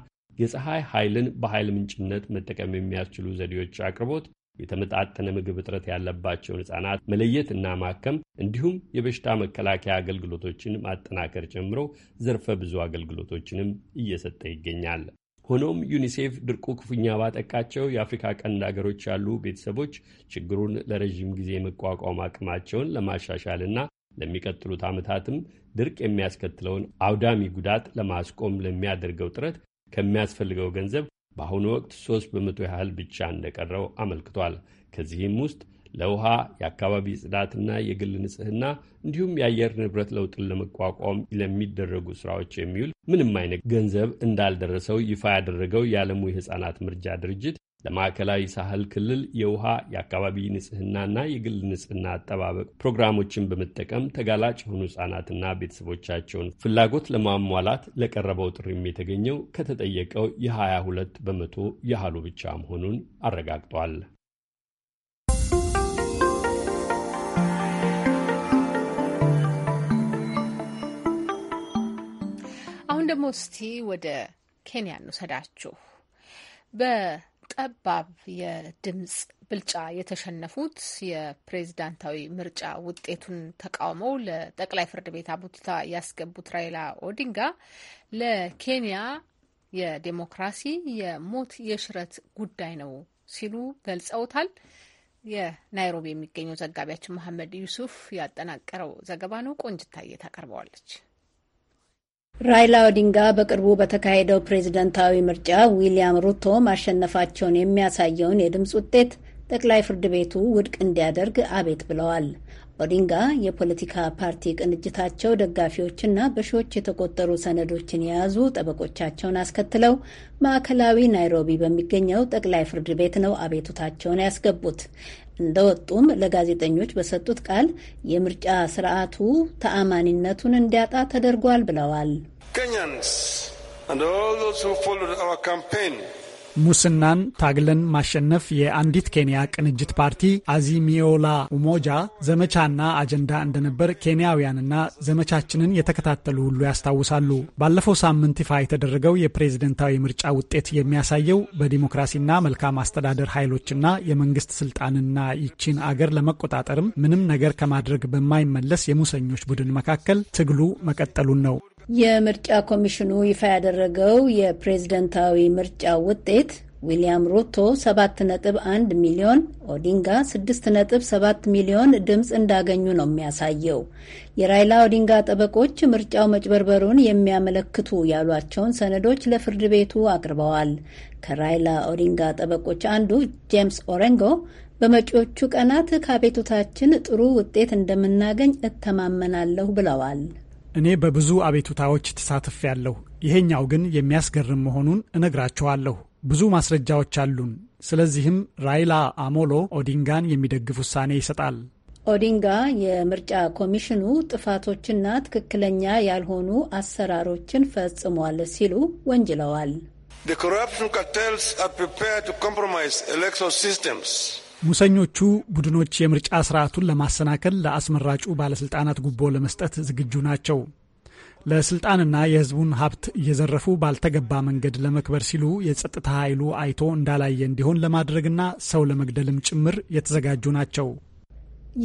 የፀሐይ ኃይልን በኃይል ምንጭነት መጠቀም የሚያስችሉ ዘዴዎች አቅርቦት የተመጣጠነ ምግብ እጥረት ያለባቸውን ሕፃናት መለየት እና ማከም እንዲሁም የበሽታ መከላከያ አገልግሎቶችን ማጠናከር ጨምሮ ዘርፈ ብዙ አገልግሎቶችንም እየሰጠ ይገኛል። ሆኖም ዩኒሴፍ ድርቁ ክፉኛ ባጠቃቸው የአፍሪካ ቀንድ ሀገሮች ያሉ ቤተሰቦች ችግሩን ለረዥም ጊዜ መቋቋም አቅማቸውን ለማሻሻልና ለሚቀጥሉት ዓመታትም ድርቅ የሚያስከትለውን አውዳሚ ጉዳት ለማስቆም ለሚያደርገው ጥረት ከሚያስፈልገው ገንዘብ በአሁኑ ወቅት ሶስት በመቶ ያህል ብቻ እንደቀረው አመልክቷል። ከዚህም ውስጥ ለውሃ የአካባቢ ጽዳትና የግል ንጽህና እንዲሁም የአየር ንብረት ለውጥን ለመቋቋም ለሚደረጉ ስራዎች የሚውል ምንም አይነት ገንዘብ እንዳልደረሰው ይፋ ያደረገው የዓለሙ የሕፃናት ምርጃ ድርጅት ለማዕከላዊ ሳህል ክልል የውሃ የአካባቢ ንጽህናና የግል ንጽህና አጠባበቅ ፕሮግራሞችን በመጠቀም ተጋላጭ የሆኑ ህጻናትና ቤተሰቦቻቸውን ፍላጎት ለማሟላት ለቀረበው ጥሪም የተገኘው ከተጠየቀው የ22 በመቶ ያህሉ ብቻ መሆኑን አረጋግጧል። ደግሞ እስቲ ወደ ኬንያ እንውሰዳችሁ። በጠባብ የድምጽ ብልጫ የተሸነፉት የፕሬዝዳንታዊ ምርጫ ውጤቱን ተቃውመው ለጠቅላይ ፍርድ ቤት አቤቱታ ያስገቡት ራይላ ኦዲንጋ ለኬንያ የዴሞክራሲ የሞት የሽረት ጉዳይ ነው ሲሉ ገልጸውታል። የናይሮቢ የሚገኘው ዘጋቢያችን መሐመድ ዩሱፍ ያጠናቀረው ዘገባ ነው። ቆንጅታዬ ታቀርበዋለች። ራይላ ኦዲንጋ በቅርቡ በተካሄደው ፕሬዝደንታዊ ምርጫ ዊሊያም ሩቶ ማሸነፋቸውን የሚያሳየውን የድምፅ ውጤት ጠቅላይ ፍርድ ቤቱ ውድቅ እንዲያደርግ አቤት ብለዋል። ኦዲንጋ የፖለቲካ ፓርቲ ቅንጅታቸው ደጋፊዎችና በሺዎች የተቆጠሩ ሰነዶችን የያዙ ጠበቆቻቸውን አስከትለው ማዕከላዊ ናይሮቢ በሚገኘው ጠቅላይ ፍርድ ቤት ነው አቤቱታቸውን ያስገቡት። እንደወጡም ለጋዜጠኞች በሰጡት ቃል የምርጫ ስርዓቱ ተአማኒነቱን እንዲያጣ ተደርጓል ብለዋል። ሙስናን ታግለን ማሸነፍ የአንዲት ኬንያ ቅንጅት ፓርቲ አዚሚዮላ ኡሞጃ ዘመቻና አጀንዳ እንደነበር ኬንያውያንና ዘመቻችንን የተከታተሉ ሁሉ ያስታውሳሉ። ባለፈው ሳምንት ይፋ የተደረገው የፕሬዝደንታዊ ምርጫ ውጤት የሚያሳየው በዲሞክራሲና መልካም አስተዳደር ኃይሎችና የመንግስት ስልጣንና ይቺን አገር ለመቆጣጠርም ምንም ነገር ከማድረግ በማይመለስ የሙሰኞች ቡድን መካከል ትግሉ መቀጠሉን ነው። የምርጫ ኮሚሽኑ ይፋ ያደረገው የፕሬዝደንታዊ ምርጫ ውጤት ዊሊያም ሩቶ 7.1 ሚሊዮን፣ ኦዲንጋ 6.7 ሚሊዮን ድምፅ እንዳገኙ ነው የሚያሳየው። የራይላ ኦዲንጋ ጠበቆች ምርጫው መጭበርበሩን የሚያመለክቱ ያሏቸውን ሰነዶች ለፍርድ ቤቱ አቅርበዋል። ከራይላ ኦዲንጋ ጠበቆች አንዱ ጄምስ ኦሬንጎ በመጪዎቹ ቀናት ከአቤቱታችን ጥሩ ውጤት እንደምናገኝ እተማመናለሁ ብለዋል። እኔ በብዙ አቤቱታዎች ያለሁ፣ ይሄኛው ግን የሚያስገርም መሆኑን እነግራችኋለሁ። ብዙ ማስረጃዎች አሉን። ስለዚህም ራይላ አሞሎ ኦዲንጋን የሚደግፍ ውሳኔ ይሰጣል። ኦዲንጋ የምርጫ ኮሚሽኑ ጥፋቶችና ትክክለኛ ያልሆኑ አሰራሮችን ፈጽሟል ሲሉ ወንጅለዋል። The corrupt cartels are prepared to compromise election systems. ሙሰኞቹ ቡድኖች የምርጫ ስርዓቱን ለማሰናከል ለአስመራጩ ባለስልጣናት ጉቦ ለመስጠት ዝግጁ ናቸው። ለስልጣንና የህዝቡን ሀብት እየዘረፉ ባልተገባ መንገድ ለመክበር ሲሉ የጸጥታ ኃይሉ አይቶ እንዳላየ እንዲሆን ለማድረግና ሰው ለመግደልም ጭምር የተዘጋጁ ናቸው።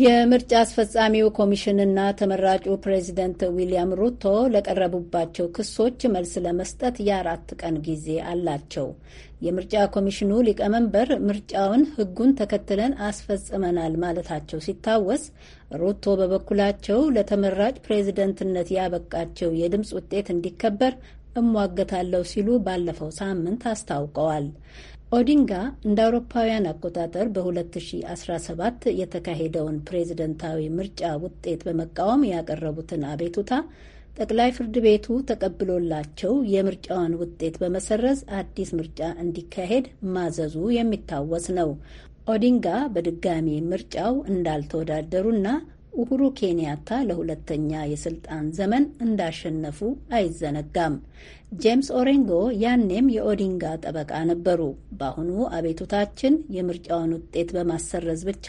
የምርጫ አስፈጻሚው ኮሚሽንና ተመራጩ ፕሬዚደንት ዊሊያም ሩቶ ለቀረቡባቸው ክሶች መልስ ለመስጠት የአራት ቀን ጊዜ አላቸው። የምርጫ ኮሚሽኑ ሊቀመንበር ምርጫውን ሕጉን ተከትለን አስፈጽመናል ማለታቸው ሲታወስ፣ ሩቶ በበኩላቸው ለተመራጭ ፕሬዝደንትነት ያበቃቸው የድምፅ ውጤት እንዲከበር እሟገታለሁ ሲሉ ባለፈው ሳምንት አስታውቀዋል። ኦዲንጋ እንደ አውሮፓውያን አቆጣጠር በ2017 የተካሄደውን ፕሬዝደንታዊ ምርጫ ውጤት በመቃወም ያቀረቡትን አቤቱታ ጠቅላይ ፍርድ ቤቱ ተቀብሎላቸው የምርጫውን ውጤት በመሰረዝ አዲስ ምርጫ እንዲካሄድ ማዘዙ የሚታወስ ነው። ኦዲንጋ በድጋሚ ምርጫው እንዳልተወዳደሩና ኡሁሩ ኬንያታ ለሁለተኛ የስልጣን ዘመን እንዳሸነፉ አይዘነጋም። ጄምስ ኦሬንጎ ያኔም የኦዲንጋ ጠበቃ ነበሩ። በአሁኑ አቤቱታችን የምርጫውን ውጤት በማሰረዝ ብቻ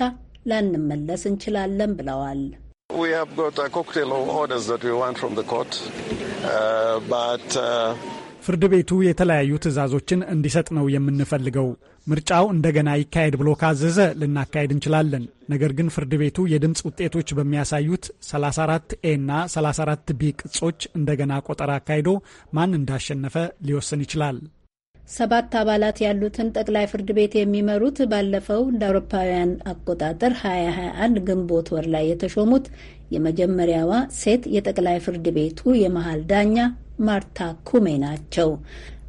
ላንመለስ እንችላለን ብለዋል። We have got a cocktail of orders that we want from the court, uh, but uh... ፍርድ ቤቱ የተለያዩ ትዕዛዞችን እንዲሰጥ ነው የምንፈልገው። ምርጫው እንደገና ይካሄድ ብሎ ካዘዘ ልናካሄድ እንችላለን። ነገር ግን ፍርድ ቤቱ የድምፅ ውጤቶች በሚያሳዩት 34 ኤ እና 34 ቢ ቅጾች እንደገና ቆጠራ አካሂዶ ማን እንዳሸነፈ ሊወስን ይችላል። ሰባት አባላት ያሉትን ጠቅላይ ፍርድ ቤት የሚመሩት ባለፈው እንደ አውሮፓውያን አቆጣጠር 2021 ግንቦት ወር ላይ የተሾሙት የመጀመሪያዋ ሴት የጠቅላይ ፍርድ ቤቱ የመሃል ዳኛ ማርታ ኩሜ ናቸው።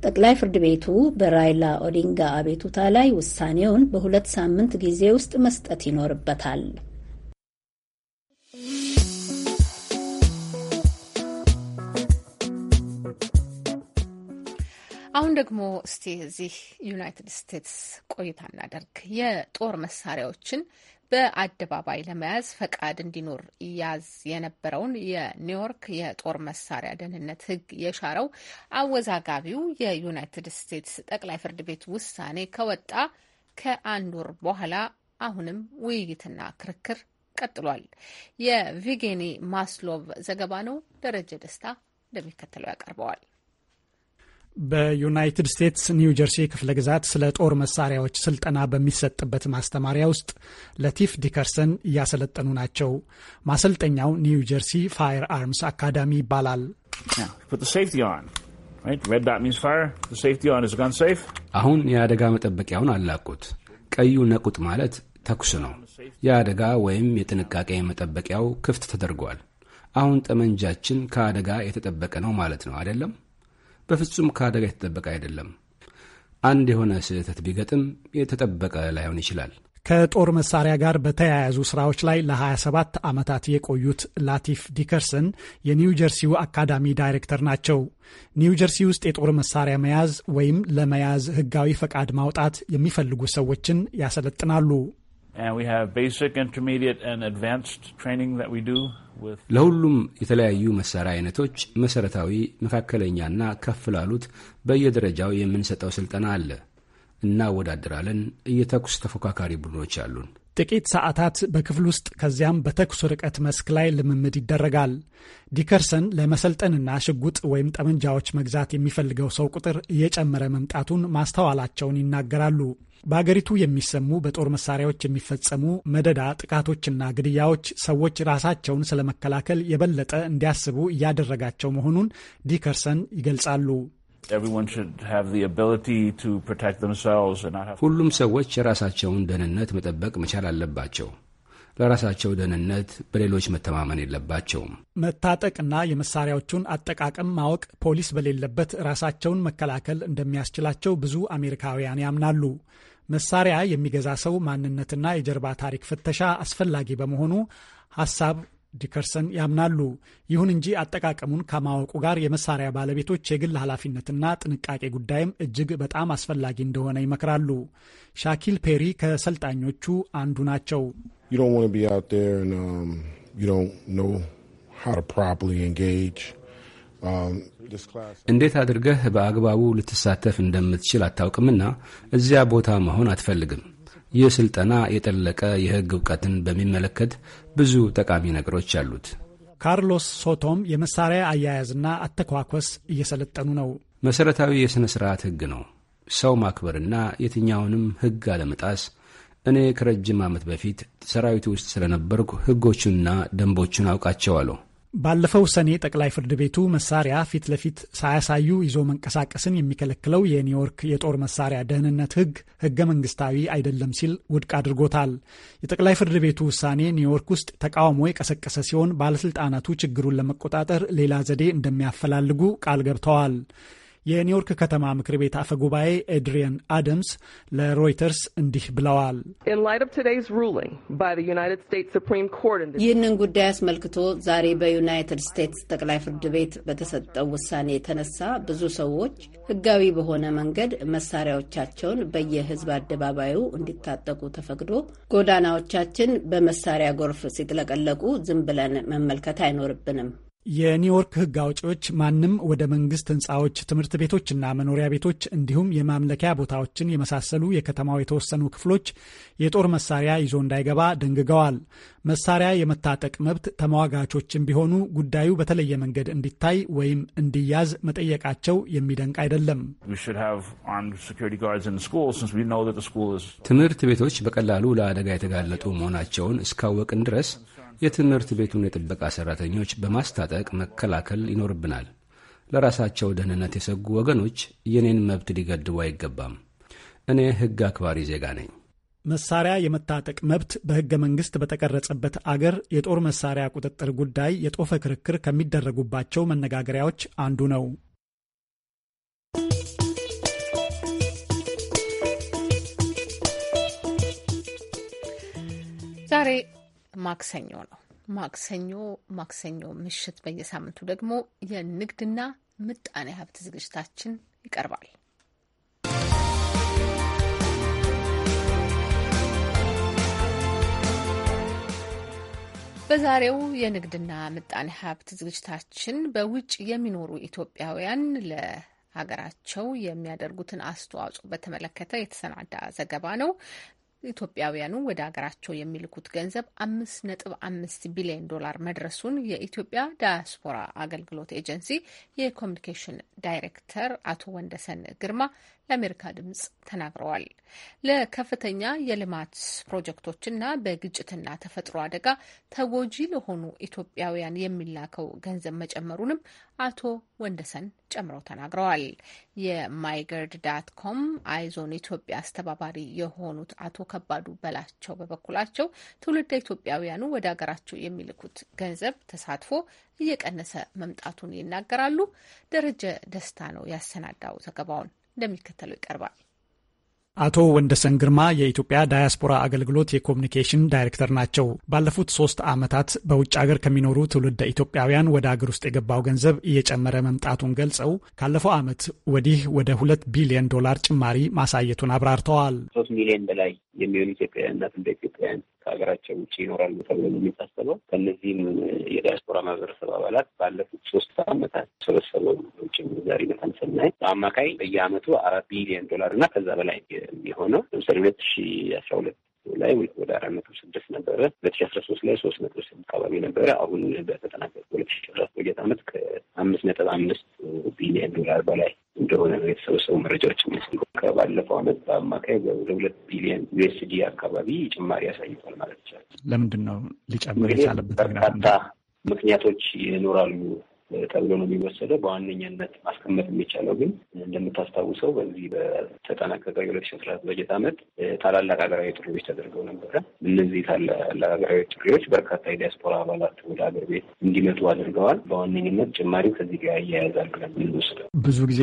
ጠቅላይ ፍርድ ቤቱ በራይላ ኦዲንጋ አቤቱታ ላይ ውሳኔውን በሁለት ሳምንት ጊዜ ውስጥ መስጠት ይኖርበታል። አሁን ደግሞ እስቲ እዚህ ዩናይትድ ስቴትስ ቆይታ እናደርግ። የጦር መሳሪያዎችን በአደባባይ ለመያዝ ፈቃድ እንዲኖር ያዝ የነበረውን የኒውዮርክ የጦር መሳሪያ ደህንነት ሕግ የሻረው አወዛጋቢው የዩናይትድ ስቴትስ ጠቅላይ ፍርድ ቤት ውሳኔ ከወጣ ከአንድ ወር በኋላ አሁንም ውይይትና ክርክር ቀጥሏል። የቪጌኒ ማስሎቭ ዘገባ ነው። ደረጀ ደስታ እንደሚከተለው ያቀርበዋል። በዩናይትድ ስቴትስ ኒው ጀርሲ ክፍለ ግዛት ስለ ጦር መሳሪያዎች ስልጠና በሚሰጥበት ማስተማሪያ ውስጥ ለቲፍ ዲከርሰን እያሰለጠኑ ናቸው። ማሰልጠኛው ኒው ጀርሲ ፋየር አርምስ አካዳሚ ይባላል። አሁን የአደጋ መጠበቂያውን አላኩት። ቀዩ ነቁጥ ማለት ተኩስ ነው። የአደጋ ወይም የጥንቃቄ መጠበቂያው ክፍት ተደርጓል። አሁን ጠመንጃችን ከአደጋ የተጠበቀ ነው ማለት ነው አይደለም? በፍጹም ከአደጋ የተጠበቀ አይደለም። አንድ የሆነ ስህተት ቢገጥም የተጠበቀ ላይሆን ይችላል። ከጦር መሳሪያ ጋር በተያያዙ ስራዎች ላይ ለ27 ዓመታት የቆዩት ላቲፍ ዲከርሰን የኒው ጀርሲው አካዳሚ ዳይሬክተር ናቸው። ኒው ጀርሲ ውስጥ የጦር መሳሪያ መያዝ ወይም ለመያዝ ህጋዊ ፈቃድ ማውጣት የሚፈልጉ ሰዎችን ያሰለጥናሉ። ለሁሉም የተለያዩ መሳሪያ አይነቶች መሰረታዊ፣ መካከለኛና ከፍ ላሉት በየደረጃው የምንሰጠው ስልጠና አለ። እናወዳድራለን። እየተኩስ ተፎካካሪ ቡድኖች አሉን። ጥቂት ሰዓታት በክፍል ውስጥ ከዚያም በተኩስ ርቀት መስክ ላይ ልምምድ ይደረጋል። ዲከርሰን ለመሰልጠንና ሽጉጥ ወይም ጠመንጃዎች መግዛት የሚፈልገው ሰው ቁጥር እየጨመረ መምጣቱን ማስተዋላቸውን ይናገራሉ። በአገሪቱ የሚሰሙ በጦር መሳሪያዎች የሚፈጸሙ መደዳ ጥቃቶችና ግድያዎች ሰዎች ራሳቸውን ስለመከላከል የበለጠ እንዲያስቡ እያደረጋቸው መሆኑን ዲከርሰን ይገልጻሉ። ሁሉም ሰዎች የራሳቸውን ደህንነት መጠበቅ መቻል አለባቸው። ለራሳቸው ደህንነት በሌሎች መተማመን የለባቸውም። መታጠቅና የመሳሪያዎቹን አጠቃቀም ማወቅ ፖሊስ በሌለበት ራሳቸውን መከላከል እንደሚያስችላቸው ብዙ አሜሪካውያን ያምናሉ። መሳሪያ የሚገዛ ሰው ማንነትና የጀርባ ታሪክ ፍተሻ አስፈላጊ በመሆኑ ሀሳብ ዲከርሰን ያምናሉ። ይሁን እንጂ አጠቃቀሙን ከማወቁ ጋር የመሳሪያ ባለቤቶች የግል ኃላፊነትና ጥንቃቄ ጉዳይም እጅግ በጣም አስፈላጊ እንደሆነ ይመክራሉ። ሻኪል ፔሪ ከሰልጣኞቹ አንዱ ናቸው። You don't want to be out there and um, you don't know how to properly engage. እንዴት አድርገህ በአግባቡ ልትሳተፍ እንደምትችል አታውቅምና እዚያ ቦታ መሆን አትፈልግም። ይህ ሥልጠና የጠለቀ የሕግ እውቀትን በሚመለከት ብዙ ጠቃሚ ነገሮች አሉት። ካርሎስ ሶቶም የመሳሪያ አያያዝና አተኳኮስ እየሰለጠኑ ነው። መሠረታዊ የሥነ ሥርዓት ሕግ ነው። ሰው ማክበርና የትኛውንም ሕግ አለመጣስ። እኔ ከረጅም ዓመት በፊት ሰራዊቱ ውስጥ ስለነበርኩ ሕጎቹንና ደንቦቹን አውቃቸዋለሁ። ባለፈው ሰኔ ጠቅላይ ፍርድ ቤቱ መሳሪያ ፊት ለፊት ሳያሳዩ ይዞ መንቀሳቀስን የሚከለክለው የኒውዮርክ የጦር መሳሪያ ደህንነት ሕግ ሕገ መንግስታዊ አይደለም ሲል ውድቅ አድርጎታል። የጠቅላይ ፍርድ ቤቱ ውሳኔ ኒውዮርክ ውስጥ ተቃውሞ የቀሰቀሰ ሲሆን ባለስልጣናቱ ችግሩን ለመቆጣጠር ሌላ ዘዴ እንደሚያፈላልጉ ቃል ገብተዋል። የኒውዮርክ ከተማ ምክር ቤት አፈ ጉባኤ ኤድሪየን አደምስ ለሮይተርስ እንዲህ ብለዋል። ይህንን ጉዳይ አስመልክቶ ዛሬ በዩናይትድ ስቴትስ ጠቅላይ ፍርድ ቤት በተሰጠው ውሳኔ የተነሳ ብዙ ሰዎች ሕጋዊ በሆነ መንገድ መሳሪያዎቻቸውን በየሕዝብ አደባባዩ እንዲታጠቁ ተፈቅዶ ጎዳናዎቻችን በመሳሪያ ጎርፍ ሲጥለቀለቁ ዝም ብለን መመልከት አይኖርብንም። የኒውዮርክ ሕግ አውጪዎች ማንም ወደ መንግስት ህንፃዎች፣ ትምህርት ቤቶችና መኖሪያ ቤቶች እንዲሁም የማምለኪያ ቦታዎችን የመሳሰሉ የከተማው የተወሰኑ ክፍሎች የጦር መሳሪያ ይዞ እንዳይገባ ደንግገዋል። መሳሪያ የመታጠቅ መብት ተሟጋቾችም ቢሆኑ ጉዳዩ በተለየ መንገድ እንዲታይ ወይም እንዲያዝ መጠየቃቸው የሚደንቅ አይደለም። ትምህርት ቤቶች በቀላሉ ለአደጋ የተጋለጡ መሆናቸውን እስካወቅን ድረስ የትምህርት ቤቱን የጥበቃ ሠራተኞች በማስታጠቅ መከላከል ይኖርብናል። ለራሳቸው ደህንነት የሰጉ ወገኖች የኔን መብት ሊገድቡ አይገባም። እኔ ሕግ አክባሪ ዜጋ ነኝ። መሳሪያ የመታጠቅ መብት በሕገ መንግሥት በተቀረጸበት አገር የጦር መሳሪያ ቁጥጥር ጉዳይ የጦፈ ክርክር ከሚደረጉባቸው መነጋገሪያዎች አንዱ ነው። ዛሬ ማክሰኞ ነው። ማክሰኞ ማክሰኞ ምሽት በየሳምንቱ ደግሞ የንግድና ምጣኔ ሀብት ዝግጅታችን ይቀርባል። በዛሬው የንግድና ምጣኔ ሀብት ዝግጅታችን በውጭ የሚኖሩ ኢትዮጵያውያን ለሀገራቸው የሚያደርጉትን አስተዋጽኦ በተመለከተ የተሰናዳ ዘገባ ነው። ኢትዮጵያውያኑ ወደ ሀገራቸው የሚልኩት ገንዘብ አምስት ነጥብ አምስት ቢሊዮን ዶላር መድረሱን የኢትዮጵያ ዳያስፖራ አገልግሎት ኤጀንሲ የኮሚኒኬሽን ዳይሬክተር አቶ ወንደሰን ግርማ ለአሜሪካ ድምጽ ተናግረዋል። ለከፍተኛ የልማት ፕሮጀክቶችና በግጭትና ተፈጥሮ አደጋ ተጎጂ ለሆኑ ኢትዮጵያውያን የሚላከው ገንዘብ መጨመሩንም አቶ ወንደሰን ጨምረው ተናግረዋል። የማይገርድ ዳት ኮም አይዞን ኢትዮጵያ አስተባባሪ የሆኑት አቶ ከባዱ በላቸው በበኩላቸው ትውልደ ኢትዮጵያውያኑ ወደ ሀገራቸው የሚልኩት ገንዘብ ተሳትፎ እየቀነሰ መምጣቱን ይናገራሉ። ደረጀ ደስታ ነው ያሰናዳው ዘገባውን። እንደሚከተለው ይቀርባል። አቶ ወንደሰን ግርማ የኢትዮጵያ ዳያስፖራ አገልግሎት የኮሚኒኬሽን ዳይሬክተር ናቸው። ባለፉት ሶስት ዓመታት በውጭ ሀገር ከሚኖሩ ትውልደ ኢትዮጵያውያን ወደ አገር ውስጥ የገባው ገንዘብ እየጨመረ መምጣቱን ገልጸው ካለፈው ዓመት ወዲህ ወደ ሁለት ቢሊዮን ዶላር ጭማሪ ማሳየቱን አብራርተዋል። ሶስት ሚሊዮን በላይ የሚሆኑ ኢትዮጵያውያንና ትውልደ ኢትዮጵያውያን ከሀገራቸው ውጭ ይኖራሉ ተብሎ ነው የሚታሰበው። ከነዚህም የዲያስፖራ ማህበረሰብ አባላት ባለፉት ሶስት አመታት ሰበሰበው ውጭ ምንዛሪ መጠን ስናይ በአማካይ በየአመቱ አራት ቢሊዮን ዶላር እና ከዛ በላይ የሚሆነው ለምሳሌ ሁለት ሺ አስራ ሁለት ላይ ወደ አራት መቶ ስድስት ነበረ። ሁለት ሺ አስራ ሶስት ላይ ሶስት መቶ ስድስት አካባቢ ነበረ። አሁን በተጠናቀቀ ሁለት ሺ አስራ በጀት አመት ከአምስት ነጥብ አምስት ቢሊዮን ዶላር በላይ እንደሆነ ነው የተሰበሰቡ መረጃዎች የሚያሳዩ። ከባለፈው አመት በአማካይ ወደ ሁለት ቢሊዮን ዩኤስዲ አካባቢ ጭማሪ ያሳይቷል ማለት ይቻላል። ለምንድን ነው ሊጨምር የቻለበት? በርካታ ምክንያቶች ይኖራሉ ተብሎ ነው የሚወሰደው። በዋነኛነት ማስቀመጥ የሚቻለው ግን እንደምታስታውሰው በዚህ በተጠናቀቀው የሁለት ሺህ አስራ በጀት ዓመት ታላላቅ ሀገራዊ ጥሪዎች ተደርገው ነበረ። እነዚህ ታላላቅ ሀገራዊ ጥሪዎች በርካታ የዲያስፖራ አባላት ወደ ሀገር ቤት እንዲመጡ አድርገዋል። በዋነኝነት ጭማሪው ከዚህ ጋር እያያዛል ብለን የምንወስደው ብዙ ጊዜ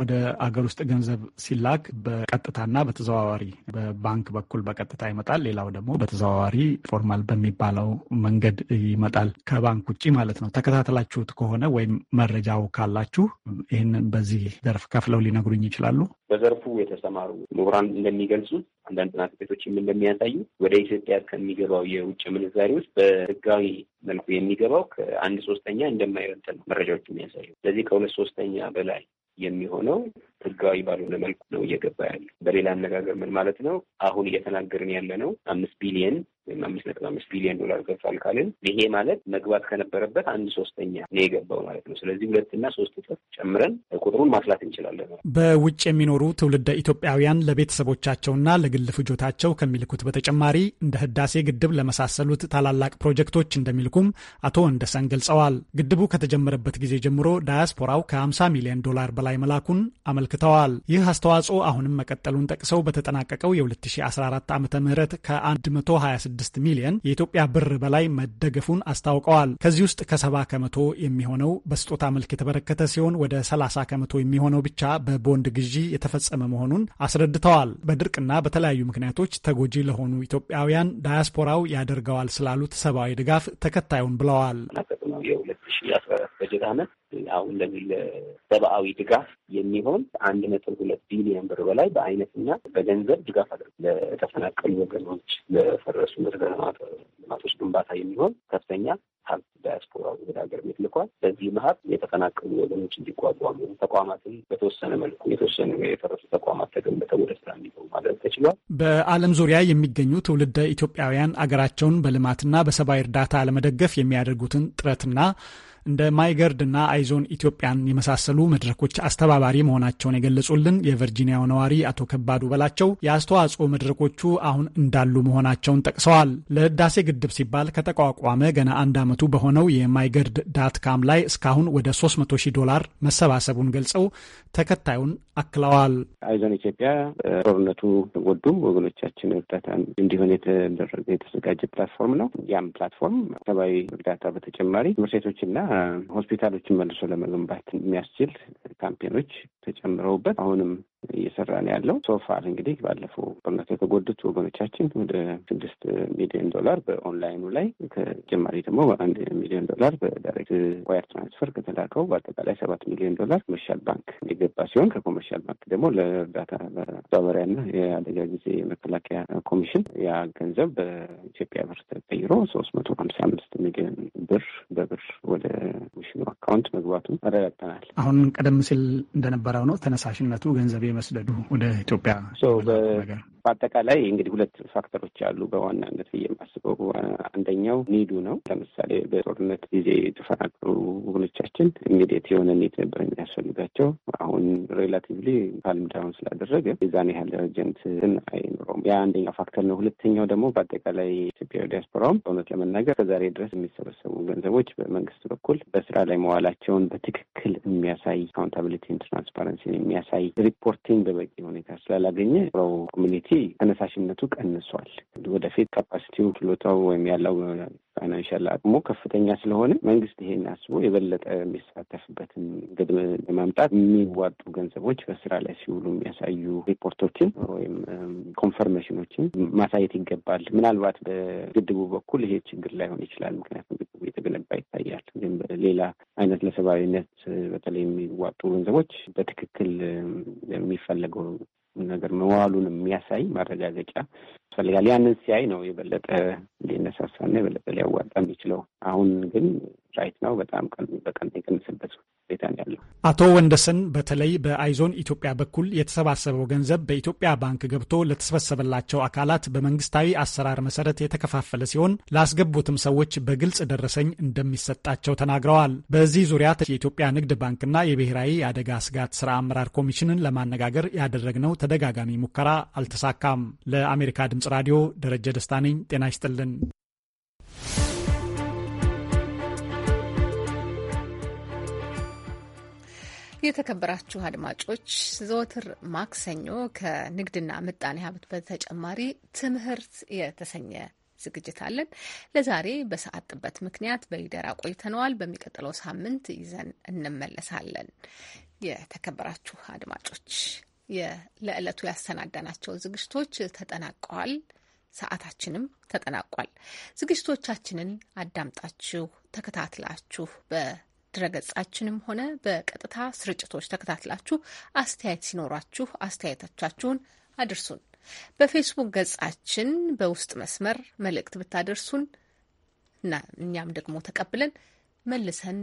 ወደ አገር ውስጥ ገንዘብ ሲላክ በቀጥታና በተዘዋዋሪ በባንክ በኩል በቀጥታ ይመጣል። ሌላው ደግሞ በተዘዋዋሪ ፎርማል በሚባለው መንገድ ይመጣል፣ ከባንክ ውጭ ማለት ነው። ተከታተላችሁት ከሆነ ነው ወይም መረጃው ካላችሁ ይህንን በዚህ ዘርፍ ከፍለው ሊነግሩኝ ይችላሉ? በዘርፉ የተሰማሩ ምሁራን እንደሚገልጹት አንዳንድ ጥናት ቤቶችም እንደሚያሳዩ ወደ ኢትዮጵያ ከሚገባው የውጭ ምንዛሪ ውስጥ በህጋዊ መልኩ የሚገባው ከአንድ ሶስተኛ እንደማይበልጥ ነው መረጃዎች የሚያሳዩ። ስለዚህ ከሁለት ሶስተኛ በላይ የሚሆነው ህጋዊ ባልሆነ መልኩ ነው እየገባ ያለ። በሌላ አነጋገር ምን ማለት ነው? አሁን እየተናገርን ያለ ነው አምስት ቢሊየን ወይም አምስት ነጥብ አምስት ቢሊዮን ዶላር ገብቷል ካልን ይሄ ማለት መግባት ከነበረበት አንድ ሶስተኛ ነው የገባው ማለት ነው። ስለዚህ ሁለትና ሶስት እጥፍ ጨምረን ቁጥሩን ማስላት እንችላለን። በውጭ የሚኖሩ ትውልደ ኢትዮጵያውያን ለቤተሰቦቻቸውና ለግል ፍጆታቸው ከሚልኩት በተጨማሪ እንደ ህዳሴ ግድብ ለመሳሰሉት ታላላቅ ፕሮጀክቶች እንደሚልኩም አቶ ወንደሰን ገልጸዋል። ግድቡ ከተጀመረበት ጊዜ ጀምሮ ዳያስፖራው ከ50 ሚሊዮን ዶላር በላይ መላኩን አመልክተዋል። ይህ አስተዋጽኦ አሁንም መቀጠሉን ጠቅሰው በተጠናቀቀው የ2014 ዓ ም ከ126 ከ ሚሊዮን የኢትዮጵያ ብር በላይ መደገፉን አስታውቀዋል። ከዚህ ውስጥ ከሰባ ከመቶ የሚሆነው በስጦታ መልክ የተበረከተ ሲሆን ወደ 30 ከመቶ የሚሆነው ብቻ በቦንድ ግዢ የተፈጸመ መሆኑን አስረድተዋል። በድርቅና በተለያዩ ምክንያቶች ተጎጂ ለሆኑ ኢትዮጵያውያን ዳያስፖራው ያደርገዋል ስላሉት ሰብአዊ ድጋፍ ተከታዩን ብለዋል። በጀት ዓመት አሁን ለዚህ ሰብአዊ ድጋፍ የሚሆን አንድ ነጥብ ሁለት ቢሊዮን ብር በላይ በአይነትና በገንዘብ ድጋፍ አድርጎ ለተፈናቀሉ ወገኖች ለፈረሱ መሰረተ ልማቶች ግንባታ የሚሆን ከፍተኛ ሀብት ዳያስፖራ ወደ ሀገር ቤት ልኳል። በዚህ ሀብት የተፈናቀሉ ወገኖች እንዲቋቋሙ ተቋማትን በተወሰነ መልኩ የተወሰኑ የፈረሱ ተቋማት ተገንብተው ወደ ስራ እንዲገቡ ማድረግ ተችሏል። በዓለም ዙሪያ የሚገኙ ትውልደ ኢትዮጵያውያን አገራቸውን በልማትና በሰብአዊ እርዳታ ለመደገፍ የሚያደርጉትን ጥረትና እንደ ማይገርድና አይዞን ኢትዮጵያን የመሳሰሉ መድረኮች አስተባባሪ መሆናቸውን የገለጹልን የቨርጂኒያው ነዋሪ አቶ ከባዱ በላቸው የአስተዋጽኦ መድረኮቹ አሁን እንዳሉ መሆናቸውን ጠቅሰዋል። ለህዳሴ ግድብ ሲባል ከተቋቋመ ገና አንድ ዓመቱ በሆነው የማይገርድ ዳትካም ላይ እስካሁን ወደ 300 ሺህ ዶላር መሰባሰቡን ገልጸው ተከታዩን አክለዋል። አይዞን ኢትዮጵያ ጦርነቱ ወዱም ወገኖቻችን እርዳታ እንዲሆን የተደረገ የተዘጋጀ ፕላትፎርም ነው። ያም ፕላትፎርም ሰብአዊ እርዳታ በተጨማሪ ትምህርት ቤቶችና ሆስፒታሎችን መልሶ ለመገንባት የሚያስችል ካምፔኖች ተጨምረውበት አሁንም እየሰራ ነው ያለው። ሶፋር እንግዲህ ባለፈው ጦርነት የተጎዱት ወገኖቻችን ወደ ስድስት ሚሊዮን ዶላር በኦንላይኑ ላይ ከጀማሪ ደግሞ በአንድ ሚሊዮን ዶላር በዳይሬክት ዋየር ትራንስፈር ከተላከው በአጠቃላይ ሰባት ሚሊዮን ዶላር ኮመርሻል ባንክ የገባ ሲሆን ከኮመርሻል ባንክ ደግሞ ለእርዳታ መተባበሪያና የአደጋ ጊዜ የመከላከያ ኮሚሽን ያ ገንዘብ በኢትዮጵያ ብር ተቀይሮ ሶስት መቶ ሀምሳ አምስት ሚሊዮን ብር በብር ወደ ኮሚሽኑ አካውንት መግባቱን አረጋግጠናል። አሁን ቀደም ሲል እንደነበረው ነው ተነሳሽነቱ ገንዘብ የመስደዱ 对，就变了。በአጠቃላይ እንግዲህ ሁለት ፋክተሮች አሉ በዋናነት ብዬ የማስበው። አንደኛው ኒዱ ነው። ለምሳሌ በጦርነት ጊዜ የተፈናቀሉ ወገኖቻችን ኢሚዲየት የሆነ ኒድ ነበር የሚያስፈልጋቸው። አሁን ሬላቲቭሊ ካልም ዳውን ስላደረገ የዛን ያህል እርጀንት አይኖረውም። ያ አንደኛው ፋክተር ነው። ሁለተኛው ደግሞ በአጠቃላይ ኢትዮጵያ ዲያስፖራውም በእውነት ለመናገር ከዛሬ ድረስ የሚሰበሰቡ ገንዘቦች በመንግስት በኩል በስራ ላይ መዋላቸውን በትክክል የሚያሳይ አካውንታብሊቲን፣ ትራንስፓረንሲን የሚያሳይ ሪፖርቲንግ በበቂ ሁኔታ ስላላገኘ ኮሚኒቲ ተነሳሽነቱ ቀንሷል። ወደፊት ካፓሲቲው ችሎታው ወይም ያለው ፋይናንሻል አቅሙ ከፍተኛ ስለሆነ መንግስት ይሄን አስቦ የበለጠ የሚሳተፍበትን ግድ ለማምጣት የሚዋጡ ገንዘቦች በስራ ላይ ሲውሉ የሚያሳዩ ሪፖርቶችን ወይም ኮንፈርሜሽኖችን ማሳየት ይገባል። ምናልባት በግድቡ በኩል ይሄ ችግር ላይሆን ይችላል። ምክንያቱም ግድቡ የተገነባ ይታያል። ግን ሌላ አይነት ለሰብአዊነት በተለይ የሚዋጡ ገንዘቦች በትክክል የሚፈለገው ነገር መዋሉን የሚያሳይ ማረጋገጫ ያስፈልጋል። ያንን ሲያይ ነው የበለጠ ሊነሳሳና የበለጠ ሊያዋጣ የሚችለው። አሁን ግን ራይት ነው በጣም በቀን የቀንስበት ሁኔታ ነው ያለው። አቶ ወንደሰን በተለይ በአይዞን ኢትዮጵያ በኩል የተሰባሰበው ገንዘብ በኢትዮጵያ ባንክ ገብቶ ለተሰበሰበላቸው አካላት በመንግስታዊ አሰራር መሰረት የተከፋፈለ ሲሆን ላስገቡትም ሰዎች በግልጽ ደረሰኝ እንደሚሰጣቸው ተናግረዋል። በዚህ ዙሪያ የኢትዮጵያ ንግድ ባንክና የብሔራዊ የአደጋ ስጋት ስራ አመራር ኮሚሽንን ለማነጋገር ያደረግነው ተደጋጋሚ ሙከራ አልተሳካም። ለአሜሪካ ድምጽ ራዲዮ ደረጀ ደስታ ነኝ። ጤና ይስጥልን። የተከበራችሁ አድማጮች ዘወትር ማክሰኞ ከንግድና ምጣኔ ሀብት በተጨማሪ ትምህርት የተሰኘ ዝግጅት አለን። ለዛሬ በሰዓት ጥበት ምክንያት በይደራ ቆይተነዋል። በሚቀጥለው ሳምንት ይዘን እንመለሳለን። የተከበራችሁ አድማጮች ለዕለቱ ያሰናዳናቸው ዝግጅቶች ተጠናቀዋል። ሰዓታችንም ተጠናቋል። ዝግጅቶቻችንን አዳምጣችሁ ተከታትላችሁ በድረገጻችንም ሆነ በቀጥታ ስርጭቶች ተከታትላችሁ አስተያየት ሲኖራችሁ አስተያየቶቻችሁን አድርሱን። በፌስቡክ ገጻችን በውስጥ መስመር መልእክት ብታደርሱን እና እኛም ደግሞ ተቀብለን መልሰን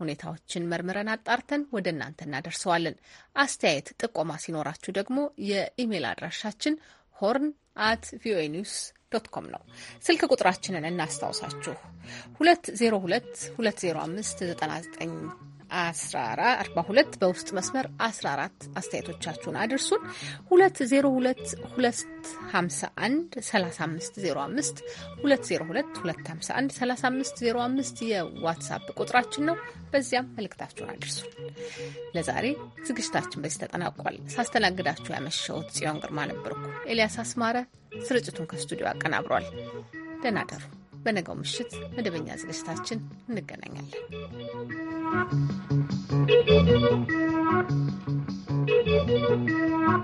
ሁኔታዎችን መርምረን አጣርተን ወደ እናንተ እናደርሰዋለን። አስተያየት፣ ጥቆማ ሲኖራችሁ ደግሞ የኢሜል አድራሻችን ሆርን አት ቪኦኤ ኒውስ ዶት ኮም ነው። ስልክ ቁጥራችንን እናስታውሳችሁ 20220599 1442 በውስጥ መስመር 14 አስተያየቶቻችሁን አድርሱን። 2022513505 2022513505 የዋትሳፕ ቁጥራችን ነው። በዚያም መልእክታችሁን አድርሱን። ለዛሬ ዝግጅታችን በዚህ ተጠናቋል። ሳስተናግዳችሁ ያመሸሁት ጽዮን ግርማ ነበርኩ። ኤልያስ አስማረ ስርጭቱን ከስቱዲዮ አቀናብሯል። ደህና ደሩ። በነገው ምሽት መደበኛ ዝግጅታችን እንገናኛለን።